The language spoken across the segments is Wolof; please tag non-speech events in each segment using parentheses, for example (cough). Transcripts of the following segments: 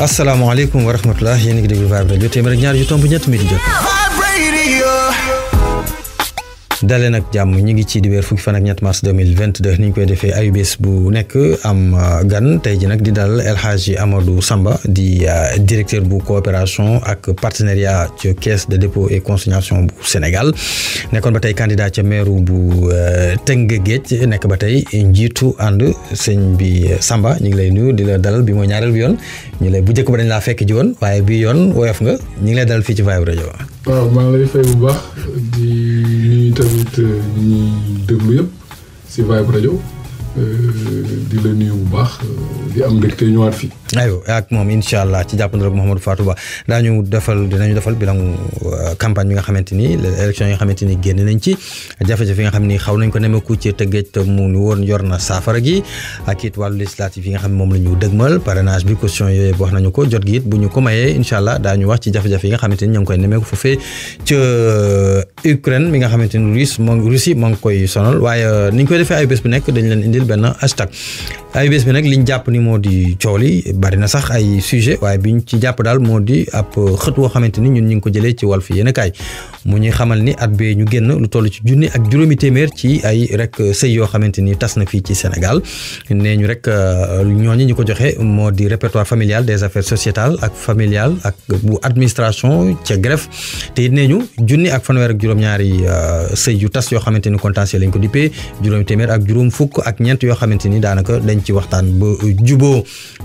asalaamaaleykum wa rahmatulah yéen a ngi déglu Vibe Radio téeméer ak ñaar yu tomb ñett mi di dalee nag jàmm ñu ngi ci di weer fukki fan ak ñett mars 2022 ni ñu koy defee ayubés bu nekk am uh, gan tey ji nag di dal El Hadji Amadou Samba di uh, directeur bu coopération ak partenariat ci caisse de dépôt et consignation bu Sénégal nekkoon ba tey candidat ca maire bu uh, Tëngéej nekk ba tey njiitu ànd sëñ bi Samba ñu ngi lay nuyu di la dalal bi mooy ñaareel bi yoon ñu lay bu njëkk ba dañ laa fekk ji woon waaye bi yoon woyof nga ñu ngi lay dalal fii ci Vibe Radio waaw maa ngi fay bu baax di nuyu tamit euh, ñi déglu yëpp si Vibe Radio euh, di la nuyu bu baax euh, di am mbégte ñëwaat fii. ayo ak mom inshallah ci jappandou ak Mouhamadou Fatou Ba defal dinañu defal bilan euh, campagne bi nga xamanteni election yi nga xamante ni nañ ci jafé jafé nga xamni xaw nañ ko ku ci tëggeej te mu ni woon yor gi ak it walu législatif yi nga xamni mom lañu la parrainage bi question yoy wax nañu ko jot gi it buñu ko mayé inshallah dañu wax ci jafé jafé nga xamanteni ñang koy ngi ko fofé ci Ukraine mi nga xamanteni russe mo ngi russe mo ngi koy sonal waye euh, niñ koy defee ay bés bu nek dañ leen indil ben hashtag ay bés bi nag liñ japp ni modi di bari na sax ay sujet waaye biñ ci jàpp daal moo di ab xët woo xamante ni ñun ñu ngi ko jëlee ci Walf yéen a kaay mu ñuy xamal ni at bee ñu génn lu toll ci junni ak juróomi téeméer ci ay rek sëy yoo xamante ni tas na fii ci Sénégal nee ñu rek euh, ñooñu ñu ko joxe moo di répertoire familial des affaires sociétales ak familial ak bu administration ca greffe ñu junni ak fanweer juróom-ñaari euh, sëy yu tas yoo xamante ni contentieux lañ ko dippee juróomi téeméer ak juróom fukk ak ñeent yoo xamante ni daanaka dañ ci waxtaan ba juboo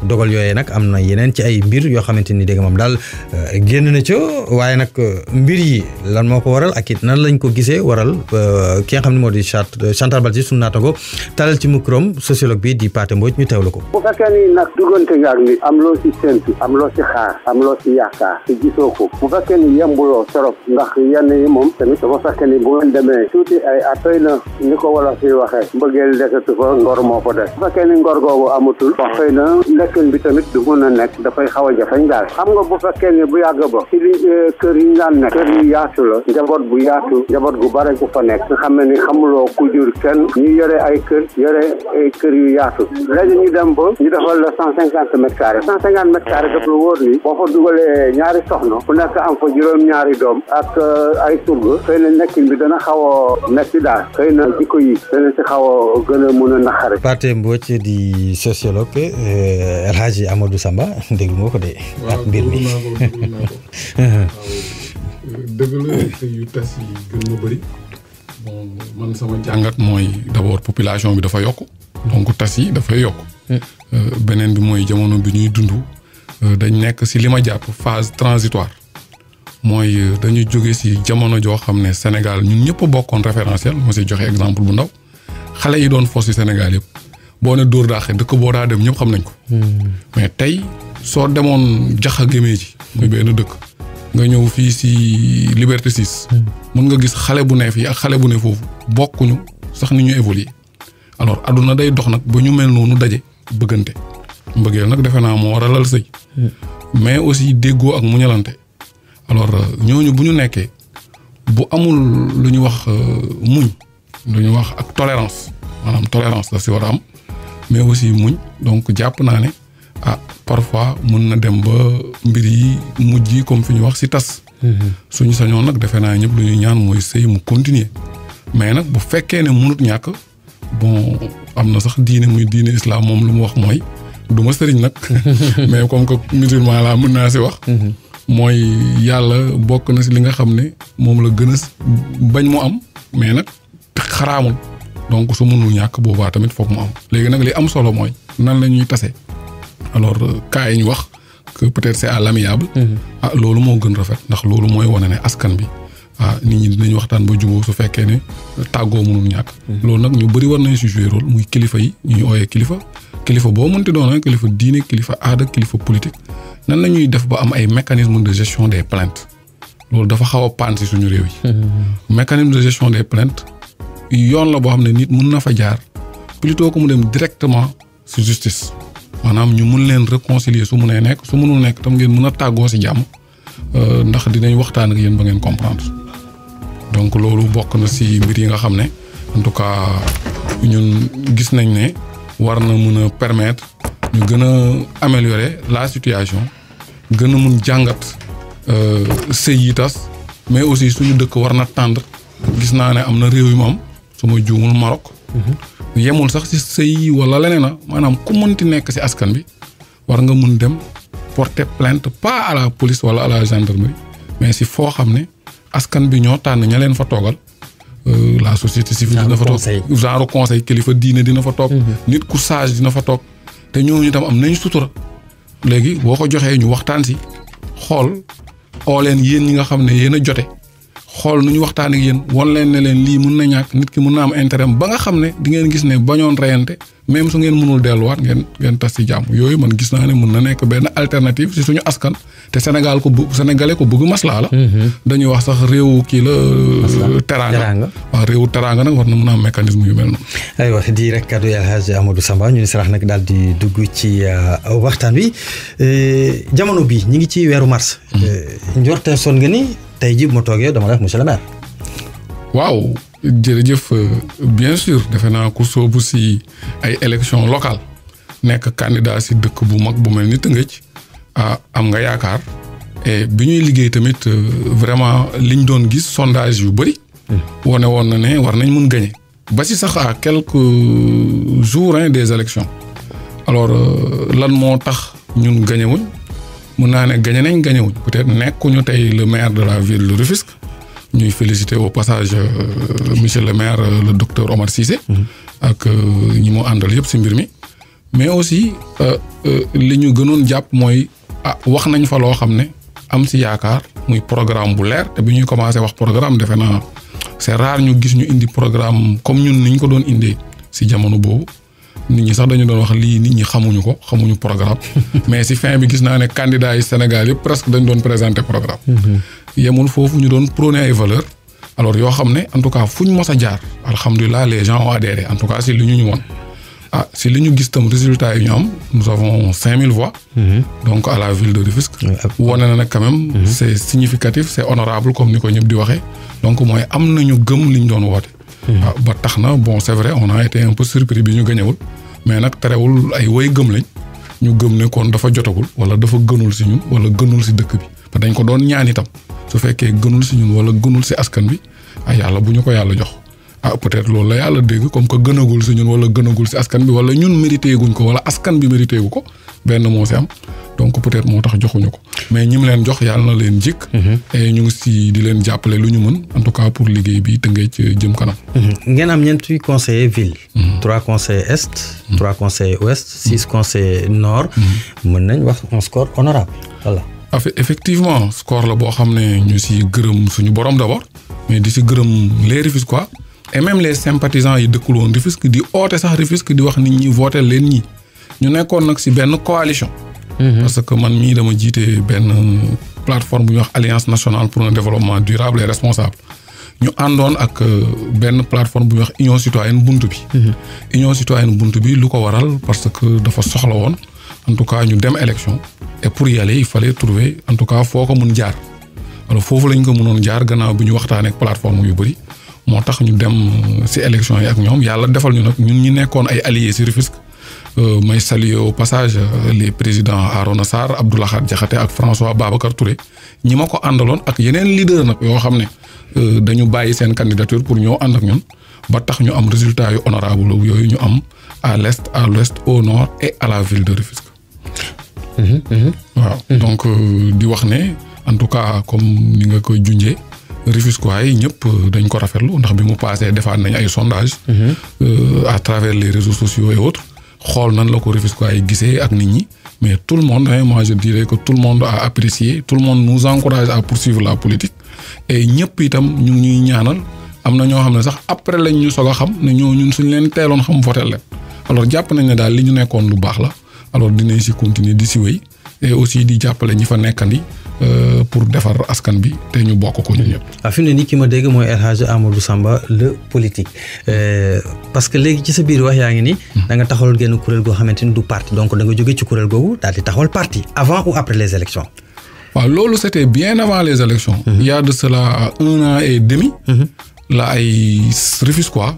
dogal yooyee nag am na yeneen ci ay mbir yoo xamante ni dégg moom daal euh, génn na ca waaye nag euh, mbir yi lan moo ko waral ak it nan lañ ko gisee waral euh, ki nga xam ne moo di Chantal Balsi sunu naataango talal ci microm sociologue bi di Pathé Mbodj ñu teewlu ko. bu fekkee ni nag duggante nga ak nit am loo ci sent am loo ci xaar am loo ci yaakaar te gisoo ko bu fekkee ni yembuloo sorop ndax yenn yi moom tamit dafa fekkee ni bu ngeen demee tuuti ay atoy na ni ko wala fi waxee mbëggeel desatu fa ngor moo fa des bu fekkee ni ngor googu amatul xëy na nekkin bi tamit du mën na nekk dafay xaw a jafeñ daal xam nga bu fekkee ne bu yàgg ba ci li euh, kër yi ñu daan nekk kër yu yaatu la njaboot bu yaatu njaboot gu bare ku fa nekk nga xam ne ni xamuloo ku jur kenn ñu yore ay kër yore ay kër yu yaatu léegi ñu dem ba ñu defal la cent cinquante mètres carrés cent cinquante mètres carrés daf la wóor ni boo fa dugalee ñaari soxna ku nekk am fa juróom-ñaari doom ak euh, ay surga xëy na nekkin bi dana xaw a metti daal xëy na jikko yi dana ci xaw a gën a mun a naqare Pathé Mbodj di sociologue euh, si Amadou Samba (laughs) déglu nga ko de. ak (laughs) sama jàngat mooy d'abord population bi dafa yokk donc tas yi dafay yokk hmm. euh, beneen bi mooy jamono bi ñuy dund euh, dañ nekk si li ma jàpp phase transitoire mooy euh, dañu jóge si jamono joo xam ne Sénégal ñun ñëpp bokkoon référentiel moo si joxe exemple bu ndaw xale yi doon fo si Sénégal yëpp boo ne dóor daa dëkk boo daa dem ñëpp xam nañ ko. Hmm. mais tey soo demoon jaxa gémee ji. muy benn dëkk. nga ñëw fii si Liberté 6. Hmm. mën nga gis xale bu ne fii ak xale bu ne foofu bokkuñu sax ni ñu évoluer alors aduna day dox nag ba ñu mel noonu daje bëggante mbëggeel nag defe naa moo waralal sëy. Hmm. mais aussi déggoo ak muñalante. alors ñooñu bu ñu nekkee bu amul lu ñu wax euh, muñ. lu ñu wax ak tolérance maanaam tolérance la si war a am. mais aussi muñ donc jàpp naa ne ah parfois mun na dem ba mbir yi mujj comme fi ñu wax si tas. Mhm. suñu sañoon nag defe naa ñëpp lu ñuy ñaan mooy sëy mu continuer mais nag bu fekkee ne munut ñàkk bon am na sax diine muy diine islam moom lu mu wax mooy du ma sëriñ nag. (laughs) mais comme que musulman laa mën naa si wax. Mhm. mooy yàlla bokk na si li nga xam ne moom la gën a bañ mu am mais nag xaraamul. donc su mënul ñàkk boobaa tamit foog mu am léegi nag li am solo mooy nan la ñuy tase alors euh, cas ñu wax que peut-être c'est à l'amiable mhm. ah loolu moo gën rafet ndax loolu mooy wane ne askan bi ah nit ñi dinañ waxtaan ba juboo su fekkee ne euh, tàggoo mënul ñàkk mhm. loolu nag ñu bëri war nañ si jouer rôle muy kilifa yi ñuy ooyee kilifa kilifa boo mënti doon kilifa diine kilifa aada kilifa politique nan la ñuy def ba am ay mécanismes de gestion des plaintes loolu dafa xaw a paan si suñu réew yi mhm. mécanisme de gestion des plaintes yoon la boo xam ne nit mën na fa jaar plutôt que mu dem directement si justice maanaam ñu mun leen réconcilier su munee nekk su munul nekk tam ngeen mun a tàggoo si jàmm euh, ndax dinañ waxtaan ak yéen ba ngeen comprendre donc loolu bokk na si mbir yi nga xam ne en tout cas ñun gis nañ ne war na mun a permettre ñu gën a améliorer la situation gën a mun jàngat euh, sëy yi tas mais aussi suñu dëkk war na tendre gis naa ne am réew yi su ma juumul Maroc. Mhm. yemul sax si sëy wala leneen la maanaam ku nekk si askan bi war nga mun dem porter plainte pas à la police wala à la gendarmerie mais si foo xam ne askan bi ñoo tànn ña leen fa toogal. Euh, la société civile dina fa toog genre conseil kilifa diine dina fa toog. Mhm. nit ku sage dina fa toog. te ñooñu tam am nañu sutura. léegi boo ko ñu waxtaan si xool oo leen yéen ñi nga xam ne yéen a jote xol nu ñu waxtaan ak yéen won leen ne leen lii mun na ñàkk nit ki mun na am intérêt ba nga xam ne di ngeen gis ne bañoon reyante même su ngeen mënul delluwaat ngeen ngeen tas ci jàmm yooyu man gis naa ne mun na nekk benn alternative si suñu askan te Sénégal ko bu sénégalais ko bëgg masla la. Mm-hmm. dañuy wax sax réewu kii la. teranga waaw réewu teranga nag war na mun a am mécanisme yu mel noonu. wax di rek kaddu El Hadj Amadou Samba ñu ni sarax nag daal di dugg ci euh, waxtaan wi euh, jamono bi ñi ngi ci weeru mars. Mm-hmm. Euh, njorte son nga ni. tey ji bu ma toogee dama la wax monsieur le maire. waaw jërëjëf euh, bien sûr defe naa ku soobu si ay élections locales nekk candidat si dëkk bu mag bu mel ni Tëngéej am nga yaakaar et bi ñuy liggéey tamit euh, vraiment liñ doon gis sondage yu bëri. Hmm. wane woon na ne war nañ mun gagner. ba si sax à quelques euh, jours hein, des élections alors lan moo tax ñun gagné wuñ mun naa ne gañe nañ gañewuñ peut-être nekkuñu tey le maire de la ville de Rufisque ñuy féliciter au passage euh, monsieur le maire euh, le docteur Omar Cissé. Mm-hmm. ak euh, ñi mu àndal yëpp si mbir mi. mais aussi li ñu gënoon jàpp mooy ah wax nañ fa loo xam ne am si yaakaar muy programme bu leer te bi ñuy commencé wax programme defe naa c'est rare ñu gis ñu indi programme comme ñun niñ ko doon indee si jamono boobu. nit ñi sax dañu doon wax lii nit ñi xamuñu ko xamuñu programme (laughs) mais si fin bi gis naa ne candidat yi Sénégal yëpp presque dañu doon présenter programme mhm. yemul foofu ñu doon prôner ay valeur alors yoo xam ne en tout cas fuñ mos a jaar alhamdulilah les gens ont adhéré en tout cas si li ñu ñu woon ah si li ñu gis tam résultat yi ñu am nous avons 5000 voix mhm. donc à la ville de Rufisque wane na nag quand même mhm. c' est significatif c' est honorable comme ni ko ñëpp di waxee donc mooy am nañu gëm li ñu doon woote Hmm. Ah, ba tax na bon c'est vrai on a été un peu bi ñu gañewul mais nag terewul ay woy gëm lañ ñu gëm ne kon dafa jotagul wala dafa gënul si ñun wala gënul si dëkk bi te dañ ko doon ñaan itam su fekkee gënul si ñun wala gënul si askan bi ah yàlla bu ñu ko yàlla jox ah peut-être loolu la yàlla dégg comme que gënagul si ñun wala gënagul si askan bi wala ñun mérité guñ ko wala askan bi mérité gu ko benn moo si am donc peut-être moo tax joxuñu ko mais ñi mu leen jox yàlla na leen jikk mhm. ñu ngi si di leen jàppale lu ñu mën en tout cas pour liggéey bi ci jëm kanam mhm. ngeen am ñeenti conseiller ville mhm. trois conseillers est trois conseillers ouest six conseillers nord mën nañ wax un score honorable voilà effectivement score la boo xam ne ñu si gërëm suñu borom d'abord mais di si gërëm les Rufisquois et même les sympathisants yi dëkkuloon Rufisque di oote sax Rufisque di wax nit ñi voté leen ñi ñu nekkoon nag si benn coalition. Mhm. parce que man mii dama jiite benn plateforme bu ñu wax alliance nationale pour un développement durable et responsable ñu àndoon ak euh, benn plateforme bu ñuy wax union citoyenne bunt bi. Mhm. union citoyenne bunt bi lu ko waral parce que dafa soxla woon en tout cas ñu dem élection et pour y aller il fallait trouver en tout cas foo ko mun jaar. alors foofu lañ ko mënoon jaar gannaaw bi ñu waxtaanee ak plateforme yu bëri moo tax ñu dem euh, si élection yi ak ñoom yàlla defal ñu nag ñun ñu nekkoon ay alliés si Rufisque Je euh, salue au passage euh, les présidents Aaron Assar, Abdoulaye Diakhaté et François Babacar Touré ñi ma andalon ak yeneen leader nak yo xamné euh, dañu bayyi sen candidature pour ñoo and ak ñun ba tax ñu am résultat yu honorable ñu am à l'est à l'ouest au nord et à la ville de Rufisque. Mmh, mmh. Mmh. donc di wax né en tout cas comme ni nga koy Rifusque a ñëpp dañ ko rafetlu ndax passé des nañ sondage à travers les réseaux sociaux et autres mais tout le monde hein, moi je dirais que tout le monde a apprécié tout le monde nous encourage à poursuivre la politique et ñëpp itam ñu ñuy ñaanal am na ñoo sax après lañ ñu soog Nous xam ne ñoo ñun suñ leen teeloon xam alors jàpp nañ ne daal li ñu lu alors continuer di et aussi euh, pour defar askan bi te ñu bokk ko ñun ñëpp. waaw ah, fi mu ne nii ki ma dégg mooy El Hadj Amadou Samba le politique euh, parce que léegi ci sa biir wax yaa ngi ni. Hmm. da nga taxawal genn kuréel goo xamante ni du parti donc da nga jóge ci kuréel googu daal di taxawal parti avant ou après les élections. waaw loolu c'était bien avant les élections. Hmm. il y a de cela un an et demi. Hmm. la ay Rufisquois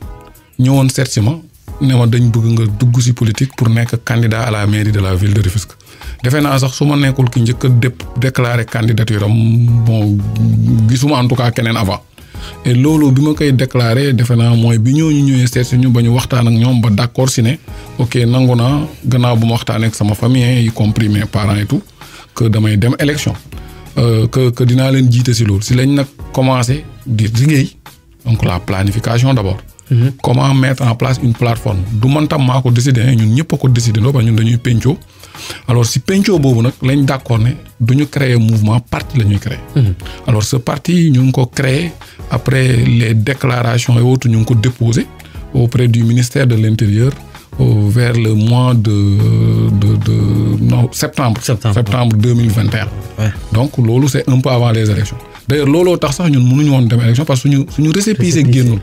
ñëwoon seet si ne ma dañ bëgg nga dugg si politique pour nekk candidat à la mairie de la ville de Rufisque defe naa sax su ma nekkul ki njëkk a dépp déclaré candidature am bon gisuma en tout cas keneen avant et loolu bi ma koy déclaré defe naa mooy bi ñu ñëwee seet si ñu ba ñu waxtaan ak ñoom ba d' accord si ne ok nangu naa gannaaw bu ma waxtaanee ak sama famille y compris mes parents et tout que damay dem élection euh, que que dinaa leen jiite si loolu si lañ nag commencé di liggéey donc la planification d' abord Mhm. comment mettre en place une plateforme du montant mako décidé hein. ñun ñëpp ko décider ñun dañuy PENCHO. alors si PENCHO bobu nak lañ d'accord né duñu du un créer mouvement parti lañuy créer. Mhm. alors ce parti nous ko après les déclarations et autres nous nous ko déposé auprès du ministère de l'Intérieur vers le mois de septembre. septembre 2021. donc lolo c'est un peu avant les élections D'ailleurs lolo tax sax ñun mënuñu won dem élection parce que suñu suñu récépissé génnul.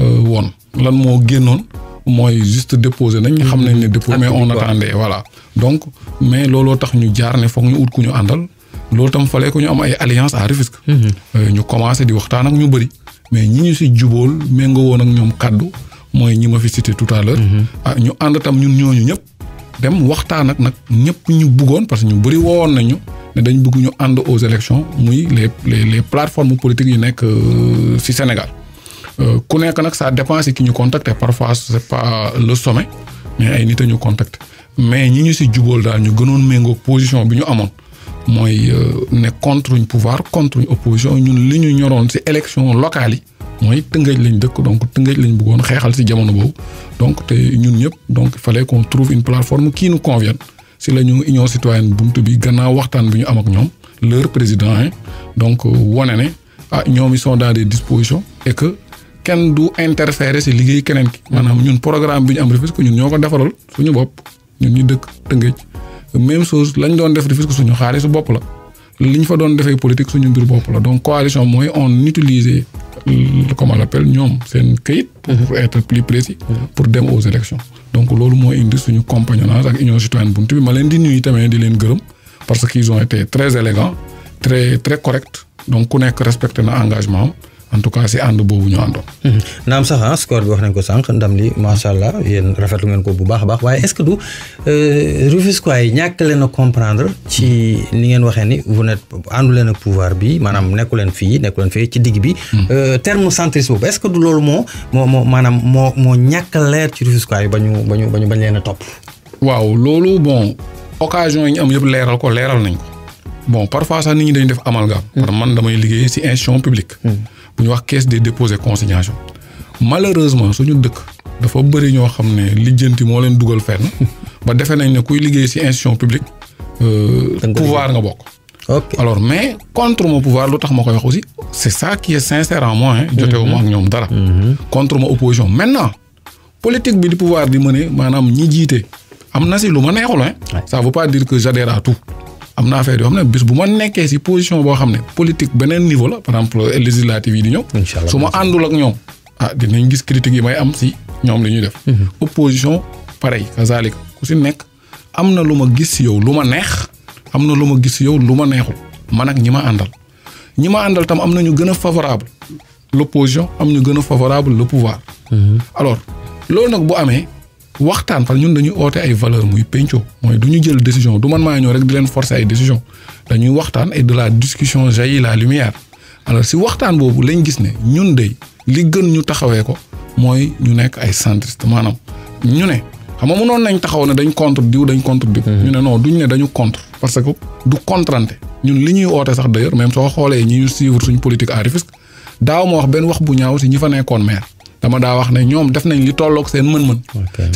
Euh, won lan moo génnoon mooy juste déposé nañ mm-hmm. xam nañ ne dépôt mais on attendait voilà donc mais looloo tax ñu jaar ne foog ñu ut ku ñu àndal loolu tam falee ko ñu am ay alliance à risque. Mm-hmm. Euh, ñu commencé di waxtaan ak ñu bëri mais ñi ñu si jubóol mengo woon ak ñoom kàddu mooy ñi ma fi cité tout à l'heure mm-hmm. ah ñu ànd tam ñun ñooñu ñëpp dem waxtaan ak nag ñëpp ñu bëggoon parce que ñu bëri woon nañu ne dañ bëgg ñu ànd aux élections muy les les les plateformes politiques yi nekk si euh, Sénégal euh, ku nekk nak ça dépend si qui ñu contacter parfois c'est pas le sommet mais ay nit ñu contacter mais ñi ñu ci jubóol daal ñu gënon méngoo position bi ñu amone moy euh, ne contre un pouvoir contre une opposition ñun li ñu ñoroon ci élection locale moy mooy lañ dëkk donc tëngëj lañ bëggoon xéxal ci jamono boobu donc té ñun ñëpp donc il fallait qu'on trouve une plateforme qui nous convienne si la ñu union citoyenne buntu bi gannaaw waxtaan bi ñu am ak ñom leur président hein, donc euh, wane ne ah ñoom ils sont dans des dispositions et que kenn du interférer si liggéey keneen ki. maanaam ñun programme bi ñu am Rufisque ñun ñoo ko defaral suñu bopp ñun ñu dëkk Tëngéej même chose lañ doon def Rufisque suñu xaalis bopp la liñ fa doon defee politique suñu mbir bopp la donc coalition mooy on utilise euh, comme on l'appelle ñoom seen këyit. pour mhm. être plus précis. Mhm. pour dem aux élections donc loolu moo indi suñu compagnonnage ak union citoyenne bunt bi ma leen di nuyu tamit di leen gërëm parce qu'ils ont été très élégants très très corrects donc ku nekk respecté na engagement am. en tout cas ci ànd bobu ñu àndoon. naam sax ah score bi wax nañ ko sank ndam li ma sha allah yeen rafetlu ngeen ko bu baax baax waye est ce que du euh Rufisquois yi ñak leen comprendre ci ni ngeen waxee ni vous n'êtes andu leen pouvoir bi manam nekku leen fi nekku leen fi ci dig bi. Hmm. euh terme centrisme boobu est ce que du lolu mo mo manam mo mo ñak leer ci Rufisquois yi bañu bañu bañu bañ leen top waaw lolu bon occasion yi am yeb leral ko leral nañ ko bon parfois sax nit ñi dañu def amalgame. Hmm. man damay liggéey si institution publique. Hmm. bu ñu wax caisse des dépôts et consignations malheureusement suñu dëkk dafa bëri ñoo xam ne lijjanti moo leen dugal fenn ba defe nañ ne kuy liggéey ci institution publique euh, pouvoir nga bokk alors mais contre mon pouvoir c'est ça qui est sincère en moi hein, mhm. ak dara mhm. contre mon opposition maintenant politique bi pouvoir di mëne maanaam ñi jiite am na hein. veut pas dire que j'adhère à tout am na affaire yoo xam ne bis bu ma nekkee si position boo xam ne politique beneen niveau la par exemple législative yi di ñëw. su ma àndul ak ñoom ah dinañ gis critiques yi may am si ñoom li ñuy def. Mhm. opposition pareil kazaalika ku si nekk am na lu ma gis si yow lu ma neex am na lu ma gis si yow lu ma neexul man ak ñi ma àndal ñi ma àndal tam am na ñu gën a favorable l'opposition am ñu gën a favorable le pouvoir. Mhm. alors loolu nag bu amee. waxtaan parce que ñun dañuy oote ay valeur muy penco mooy du ñu jël décision du man maa ñëw rek di leen forcer ay décision dañuy waxtaan et de la discussion jaillit la lumière alors si waxtaan boobu lañ gis ne ñun de li gën ñu taxawee ko mooy ñu nekk ay centriste maanaam ñu ne xam nga mënoon nañ taxaw ne dañ contre diw dañ contre diw. Mhm. ñu ne noo duñ ne dañu contre parce que du contrante ñun li ñuy oote sax d'ailleurs même soo xoolee ñu suivre suñ politique à Rufisque daaw ma wax benn wax bu ñaaw si ñi fa nekkoon maire dama daa wax ne ñoom def nañ li tollook seen mën-mën.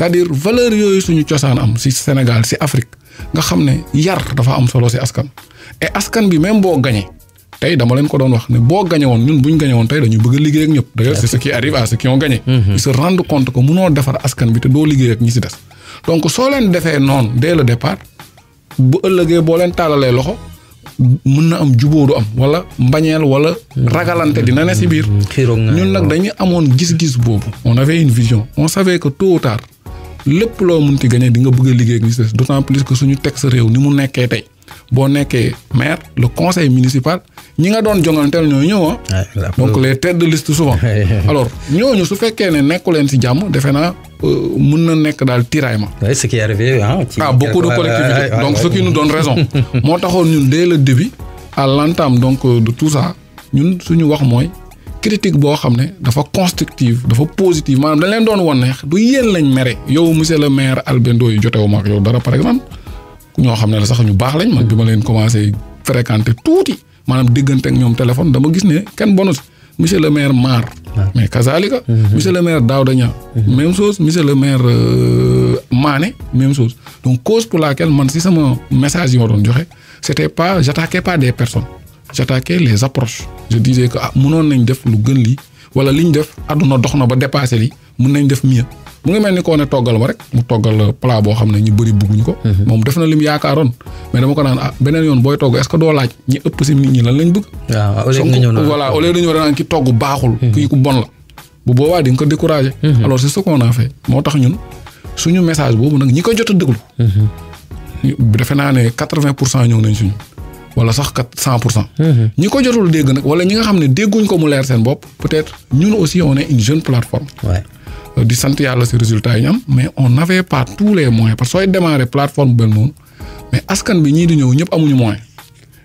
à valeur yooyu suñu cosaan am si Sénégal si Afrique nga xam ne yar dafa am solo si askan. et askan bi même boo gañee tey dama leen ko doon wax ne boo gañe woon ñun buñ ñu woon tey dañuy bëgg liggéey ak ñëpp. d'ailleurs c'est ce qui arrive à ceux qui ont gagné. Mhm. ils se rendent compte que munoo defar askan bi te doo liggéey ak ñi si des. donc soo leen defee noonu dès le départ bu ëllëgee boo leen taalalee loxo. mën na am jubóo am wala mbañeel wala ragalante dina ne si biir ñun nag dañuy amoon gis-gis boobu on avait une vision on savait que tôt ou tard lépp loo munti gagné di nga bëgg a liggéey ak d'autant plus que suñu sa réew ni mu nekkee tey bonne maire le conseil municipal ñi nga ah. Ah, donc les têtes de liste souvent (laughs) alors nous, su fekkee ne les si jàmm defe naa euh, na ce qui est arrivé hein, ah, beaucoup de collectivités donc ce qui nous donne raison moo taxoon dès le début à l'entame donc euh, de tout ça ñun suñu wax mooy critique boo dafa constructive dafa positive dañ leen le maire yow par exemple ñoo xam ne la sax ñu baax lañ man bi ma leen commencé fréquenté tuuti maanaam diggante ak ñoom téléphone dama gis ne kenn bonut monsieur le maire Mar. Ah. mais Kazalika. Mm-hmm. monsieur le maire Daouda Niang. Mm-hmm. même chose monsieur le maire euh, Mané même chose donc cause pour laquelle man si sama message yi ma doon joxe c' était pas j' attaquais pas des personnes j' attaquais les approches. je disais que ah mënoon nañ def lu gën lii wala liñ def àdduna dox na ba dépassé lii mën nañ def mieux. mu ngi mel ni koo ne toggal ma rek mu toggal plat boo xam ne ñu bëri bëgguñ ko. Mhm. moom def na lim yaakaaroon mais dama ko naan ah beneen yoon booy togg est ce que doo laaj ñi ëpp si nit ñi lan lañ bëgg. waaw mhm. boobaa di nga ko découragé. Mhm. alors moo tax ñun suñu message boobu nag ñi ko jot a déglu. defe naa ne quatre vingt pour cent ñëw nañ suñu. wala sax kat cent pour cent. ñi ko jotul dégg nag wala ñi nga xam ne dégguñ ko mu leer seen bopp peut-être ñun aussi on est une jeune plateforme. di sant yàlla si résultat yi ñam mais on n'avait part tous les moyens parce que sooy démarrer plateforme bel noonu mais askan bi ñii di ñëw ñëpp amuñu moyen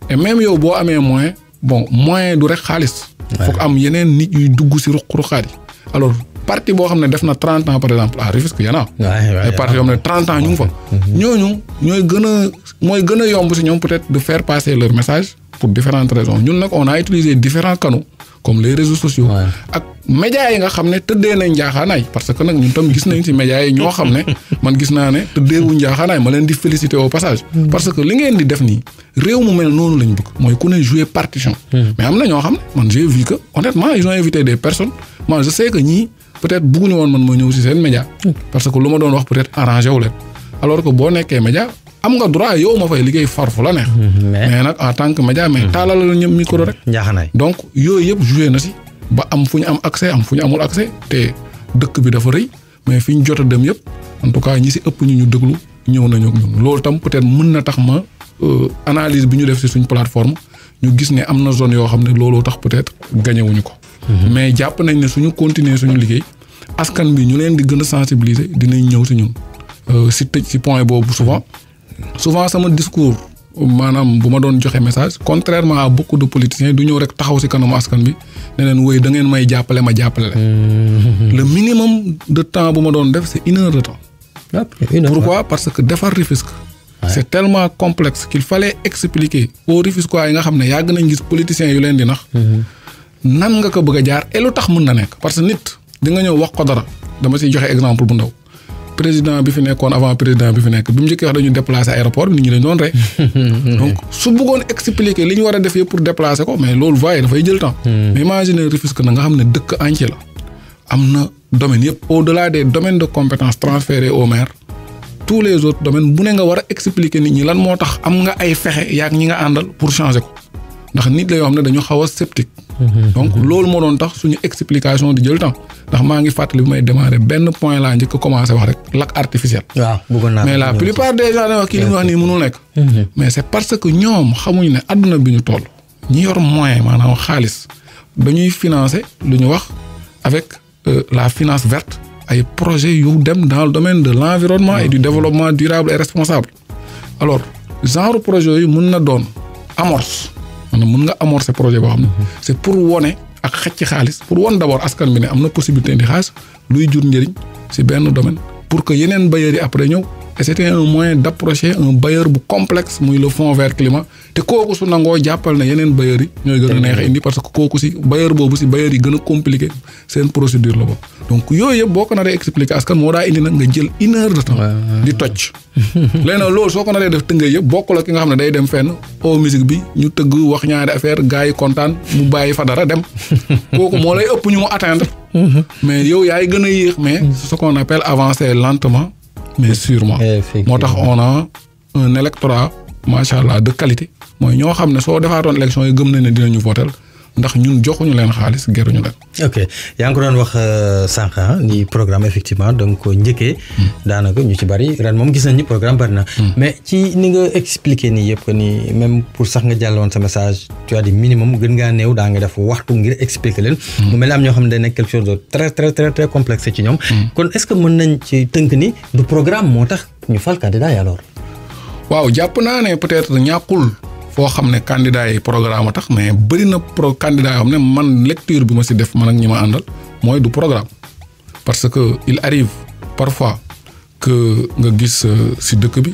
et même yow boo amee moyen bon moyen du rek xaalis. foog am yeneen nit ñuy dugg si ruq-ruqaat yi alors parti boo xam ne def na trente ans par exemple ah Rufisque yanaaw ay parti yoo xam ne trente ans ñu fa mhm. ñooñu ñooy gën mooy gën a yomb si ñoom peut-être de faire passer leur message pour différent raisons ñun nag on a utilisé différents canaux comme les réseaux sociaux. ak médias yi nga xam ne tëddee nañ njaaxaanaay parce que nag ñun tam gis nañ ci média yi ñoo xam ne (laughs) man gis naa ne tëddee wu njaaxaanaay ma leen di féliciter au passage. Mm. parce que li ngeen di def nii réew mu mel noonu lañ bëgg mooy ku ne jouer partition. Mm. mais am na ñoo xam ne man j'ai vu que honnêtement ils ont invité des personnes moi je sais man ma ñëw ci seen média. Mm. parce que lu ma doon wax peut-être arrangé boo nekkee média am nga droit yow ma fay liggéey far la neex. Mm-hmm. mais nag en tant que média mais mm-hmm. taalal la ñoom micro rek. njaaxanaay donc yooyu yëpp joué na si. ba am fu ñu am accès am fu ñu amul accès te dëkk bi dafa rëy mais fi ñu jot dem yëpp en tout cas ñi si ëpp ñu ñu ñëw nañu ak tam peut-être mën na tax ma euh, analyse bi ñu def si suñu plateforme ñu gis ne am na zone yoo xam ne looloo tax peut-être gagné ko. Mm-hmm. mais jàpp nañ ne suñu continuer suñu liggéey askan bi ñu leen di gën a sensibiliser dinañ ñëw si ñun euh, si tëj si point boobu souvent. souvent sama discours manam buma don joxe message contrairement à beaucoup de politiciens du ñëw rek taxaw ci kanam askan bi ne woy da ngeen may jappalé ma jappalé hmm. le minimum de temps buma don def c'est une heure de temps. pourquoi parce que défar Rufisque. c'est tellement complexe qu'il fallait expliquer au Rufisquois yi nga xamné yag nañ gis politiciens yu len di nax. Hmm. nan nga ko bëgg jaar et lu tax mën na nek parce que nit di nga ñëw wax ko dara dama ci joxe exemple bu ndaw. président bi fi nekkoon avant président bi fi nekk bi mu njëkkee wax dañu déplacer aéroport nit ñi dañ doon rek. (laughs) donc su bëggoon expliquer li ñu war a def yëpp pour déplacer ko mais loolu voyé dafay jël temps. Hmm. mais imagine Rufisque na nga xam ne dëkk entier la am na domaine yëpp au delà des domaines de compétences transférés aux maire. tous les autres domaines bu ne nga war a expliquer nit ñi lan moo tax am nga ay fexe yaak ñi nga àndal pour changer ko ndax nit la yoo xam ne dañu xaw a sceptique. donc loolu moo doon tax suñu explication di jël temps ndax maa ngi fàttali bi may démarrer benn point laa njëkk commencé wax rek lac artificiel. mais la plupart des gens dañoo nous kii li wax nii mënul nekk. Mhm. mais c'est parce que ñoom xamuñu ne àdduna bi ñu toll. ñi yor moyen maanaam xaalis dañuy financer lu ñu wax avec euh, la finance verte ay projets yu dem dans le domaine de l'environnement et du développement durable et responsable alors genre projet yi mën na doon amorce. maanaam mën nga amorcer projet boo xam ne mhm. c'est pour wone ak xaj ci xaalis pour won d'abord askan bi ne am na possibilité indi xaalis luy jur njëriñ si benn domaine pour que yeneen bailleurs yi après ñëw et c' un moyen d'approcher un bailleur bu complexe muy le Fonds vert climat té koku su nango jappal na yenen bailleur yi. ñoy gëna neex indi parce que koku si bailleur bobu si bailleur yi gëna a compliqué seen procédure la bokk donc yoy yëpp boo ko naree expliquer askan mo da indi nag nga jël une heure de temps. di toj. léna lool soko na ré def teungay yeb bokkul la ki nga xamné day dem fenn au musique bi ñu teug wax ñaari affaire gaay yi mu bayyi fa dara dem (laughs) koku mo lay ëpp ñu mu atteindre. Mhm. mais yow yaay gëna yéx mais ce qu'on appelle avancer lentement. mais sûrement. moo tax on a un électorat macha allah de qualité. mooy ñoo xam ne soo defaatoon élection yi gëm na ne dinañu votel ndax ñun joxuñu leen xaalis gëruñu leen. ok yaa ngi ko doon wax euh, sànq ah, ni programme effectivement donc njëkkee. Hmm. daanaka ñu ci bari ren moom gis nañ ni programme bari hmm. mais ci ni nga expliqué nii yëpp ni même pour jàlloon sa message tu as dit minimum gën ngaa néew daa nga def waxtu ngir expliquer leen. Hmm. mu mel am ñoo xam ne day nekk quelque très très très très ci ñoom. kon est-ce que mën nañ ci tënk ni du programme moo tax ñu fal candidat yi alors. waaw jàpp naa ne peut ñàkkul foo xam ne candidat yi programme tax mais bëri na pro candidat yoo xam ne man lecture bi ma si def man ak ñi ma àndal mooy du programme parce que il arrive parfois que nga gis euh, si dëkk bi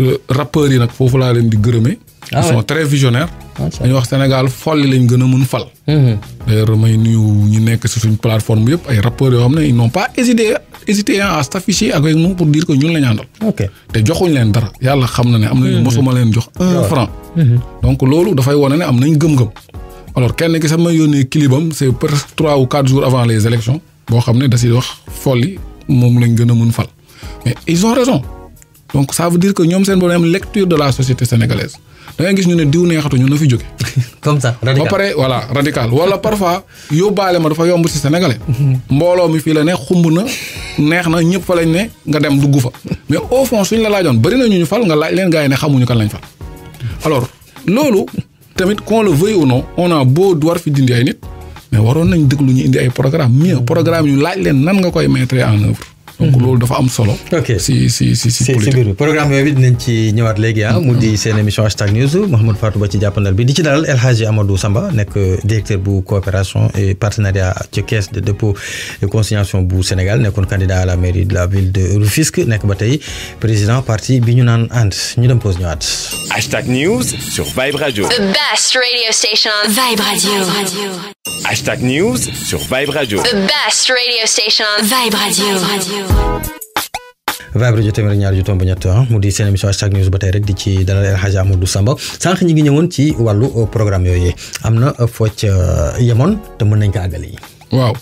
euh, rappeurs yi nag foofu laa leen di gërëmee. Ah ils sont très visionnaires. Ah, dañu wax Sénégal folli lañ gën a mun fal. Mhm. d'ailleurs may nuyu ñu nekk si suñ plateforme yëpp ay rappeurs yoo xam ne ils n'ont pas hésité hésité à s'afficher avec nous pour dire que ñun la ñu ok te joxuñ leen dara yàlla xam na ne am nañu mhm. mosuma leen jox un franc. Mhm. donc loolu dafay wane ne am nañ gëm-gëm. alors kenn ki sama may yónnee clipam c'est presque trois ou quatre jours avant les élections boo xam ne da si wax folli moom lañ gën a mun fal mais ils ont raison donc ça veut dire que ñoom seen problème lecture de la société sénégalaise. da ngay gis ñu ne diw neexatuñu na fi jóge. (laughs) comme ça radical ba pare voilà radical wala parfois yóbbaale ma dafa yomb si sénégalais. (laughs) mbooloo mi fii la ne xumb na neex na ñëpp fa lañ ne nga dem dugg fa mais au fond suñ la laajoon bëri na ñu ñu fal nga laaj leen gars yi ne xamuñu kan lañ fal alors loolu tamit qu'on le veuille ou non on a fi dindi ay nit mais waroon nañ déglu ñu indi ay programme mieux programme yu laaj leen nan nga koy mettre en œuvre. donc mhm. loolu dafa am solo. ok si si si si politique programme yooyu dinañ ci ñëwaat léegi ah. mu di seen émission hashtag news Mouhamed Fatou Ba ci jàppandal bi di ci dalal El Hadji Amadou Samba nekk directeur bu coopération et partenariat ci caisse de dépôt et consignation bu Sénégal nekkoon candidat à la mairie de la ville de Rufisque nekk ba tey président parti bi ñu naan ànd ñu dem pause ñëwaat. hashtag news sur Vibe Radio. The best radio station. Vibe Radio. Hashtag news sur Vibe Radio. The best radio station. Vibe Radio. Vibe rajo téeméer ñaar ju tomb ñett ah, mu di seen émission Hashtag News ba tey rek di ci dalal El Hadj Amadou Samba sànq ñi ngi ñëwoon ci wàllu euh, programme yooyu am na euh, focc euh, yemoon te mën nañ ko àggale yi. waaw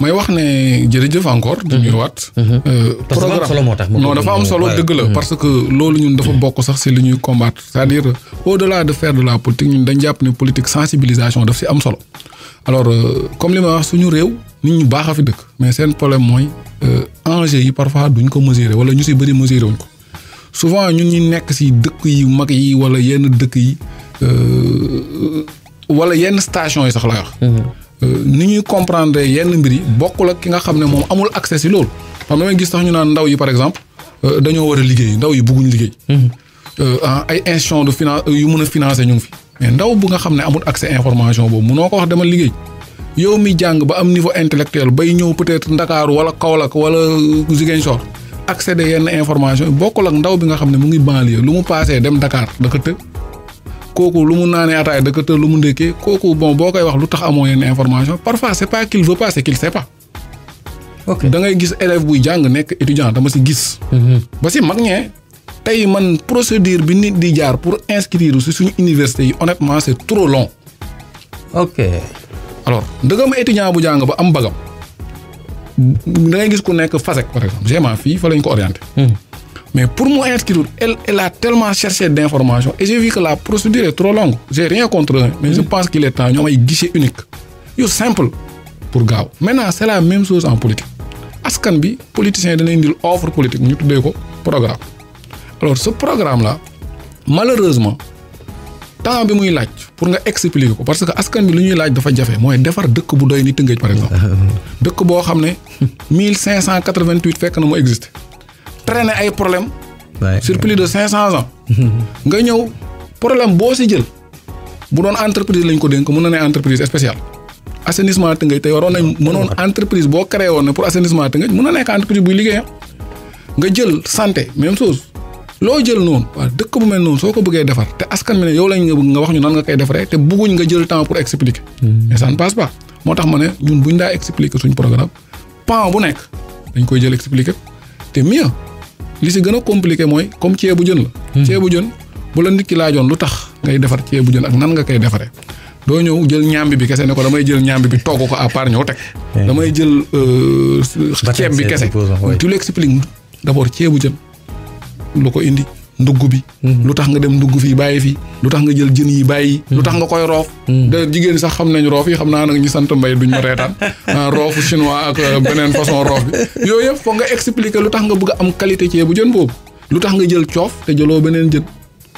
may wax ne jërëjëf encore. di nuyuwaat. Mhm. Mhm. programme parce solo moo tax. dafa am solo dëgg la mhm. parce que loolu ñun dafa bokk sax si li ñuy combattre c'est-à-dire au delà de faire de la politique ñun dañ jàpp ne politique sensibilisation daf si am solo. alors euh, comme li ma wax suñu réew nit ñu baax a fi dëkk mais seen problème mooy euh, enjeux yi parfois duñ ko mesurer wala ñu si bëri mesurer wuñ ko souvent ñun ñu nekk si dëkk yu mag yi wala yenn dëkk yi euh, wala yenn station yi sax la wax. Mhm. ni ñuy comprendre yenn mbir yi bokkul ak ki nga xam ne moom amul accès si loolu. xam damay gis sax ñu naan ndaw yi par exemple dañoo war a liggéey ndaw yi bëgguñ liggéey. Mhm. Ah, ay institutions de finance yu mën a financer ñu ngi fi. mais ndaw bu nga xam ne amul accès information boobu munoo ko wax dama liggéey yow mi jàng ba am niveau intellectuel bay ñëw peut-être Ndakaaru wala Kaolack wala Ziguinchor accéder yenn information bokkul ak ndaw bi nga xam ne mu ngi banlieue lu mu passé dem Dakar da ko të kooku lu mu naanee ataay da ko të lu mu ndékkee kooku bon boo koy wax lu tax amoo yenn information parfois c'est pas qu'il veut pas c'est qu'il sait pas ok da ngay gis élève buy jàng nekk étudiant dama si gis mhm. ba si mag ñee tey man procédure bi nit di pour inscrire si une université honnêtement c'est trop long. ok. alors ndëgam étudiant bu jàng ba am bagam da ngay gis ku nekk J'ai par exemple j'ai fii fa lañ ko orienté. Hmm. mais pour moi inscrire elle elle a tellement cherché d'informations et j'ai vu que la procédure est trop longue j'ai rien contre mais je hmm. pense qu'il est temps ñoom un guichet unique C'est simple pour gaaw maintenant c'est la même chose en politique askan bi politicien dana une offre politique ñu tuddee ko programme. alors ce programme là malheureusement temps bi muy laaj pour nga expliquer ko parce que askan bi lu ñuy laaj dafa jafé moy défar dëkk bu doy ni tëngëj par exemple (laughs) dëkk bo xamné 1588 fekk na mo existé traîné ay problème sur plus de 500 ans (laughs) nga ñëw problème bo si jël bu doon entreprise lañ ko denk mu na né entreprise spéciale assainissement tëngëj te waroon nañ mënoon (laughs) entreprise bo créé woon pour assainissement tëngëj mu na né entreprise bu liggéey ah. nga jël santé même chose loo jël noonu waaw dëkk bu mel noonu soo ko bëggee defar te askan bi ne yow lañ nga bëgg nga wax ñu nan nga koy defaree te bëgguñ nga jël temps pour expliquer. Hmm. mais ça ne moo tax ma ne ñun buñ daa expliquer suñ programme pan bu nekk dañ koy jël expliquer te mieux li si gën a compliqué mooy comme ceebu jën la. Hmm. ceebu jën bu la nit ki laajoon lu tax ngay defar ceebu jën ak nan nga koy defaree. doo ñëw jël ñaambi bi kese ne ko damay jël ñaambi bi togg ko à part ñëw teg. Hmm. damay jël euh, ceeb bi kese. tu l'expliques d'abord ceebu jën lu ko indi ndugu bi mhm. lutax nga dem ndugu fi baye fi lutax nga jël jeun yi baye mhm. lutax nga koy roof da mhm. jigen sax xam nañ roof yi xam na nak ñu sant mbay duñu ma reetaan (laughs) ah, roofu chinois ak euh, benen façon roof bi yoyep fo nga expliquer lutax nga bëgg am qualité ci bu, jeun bob lutax nga jël ciof te jëlo benen jën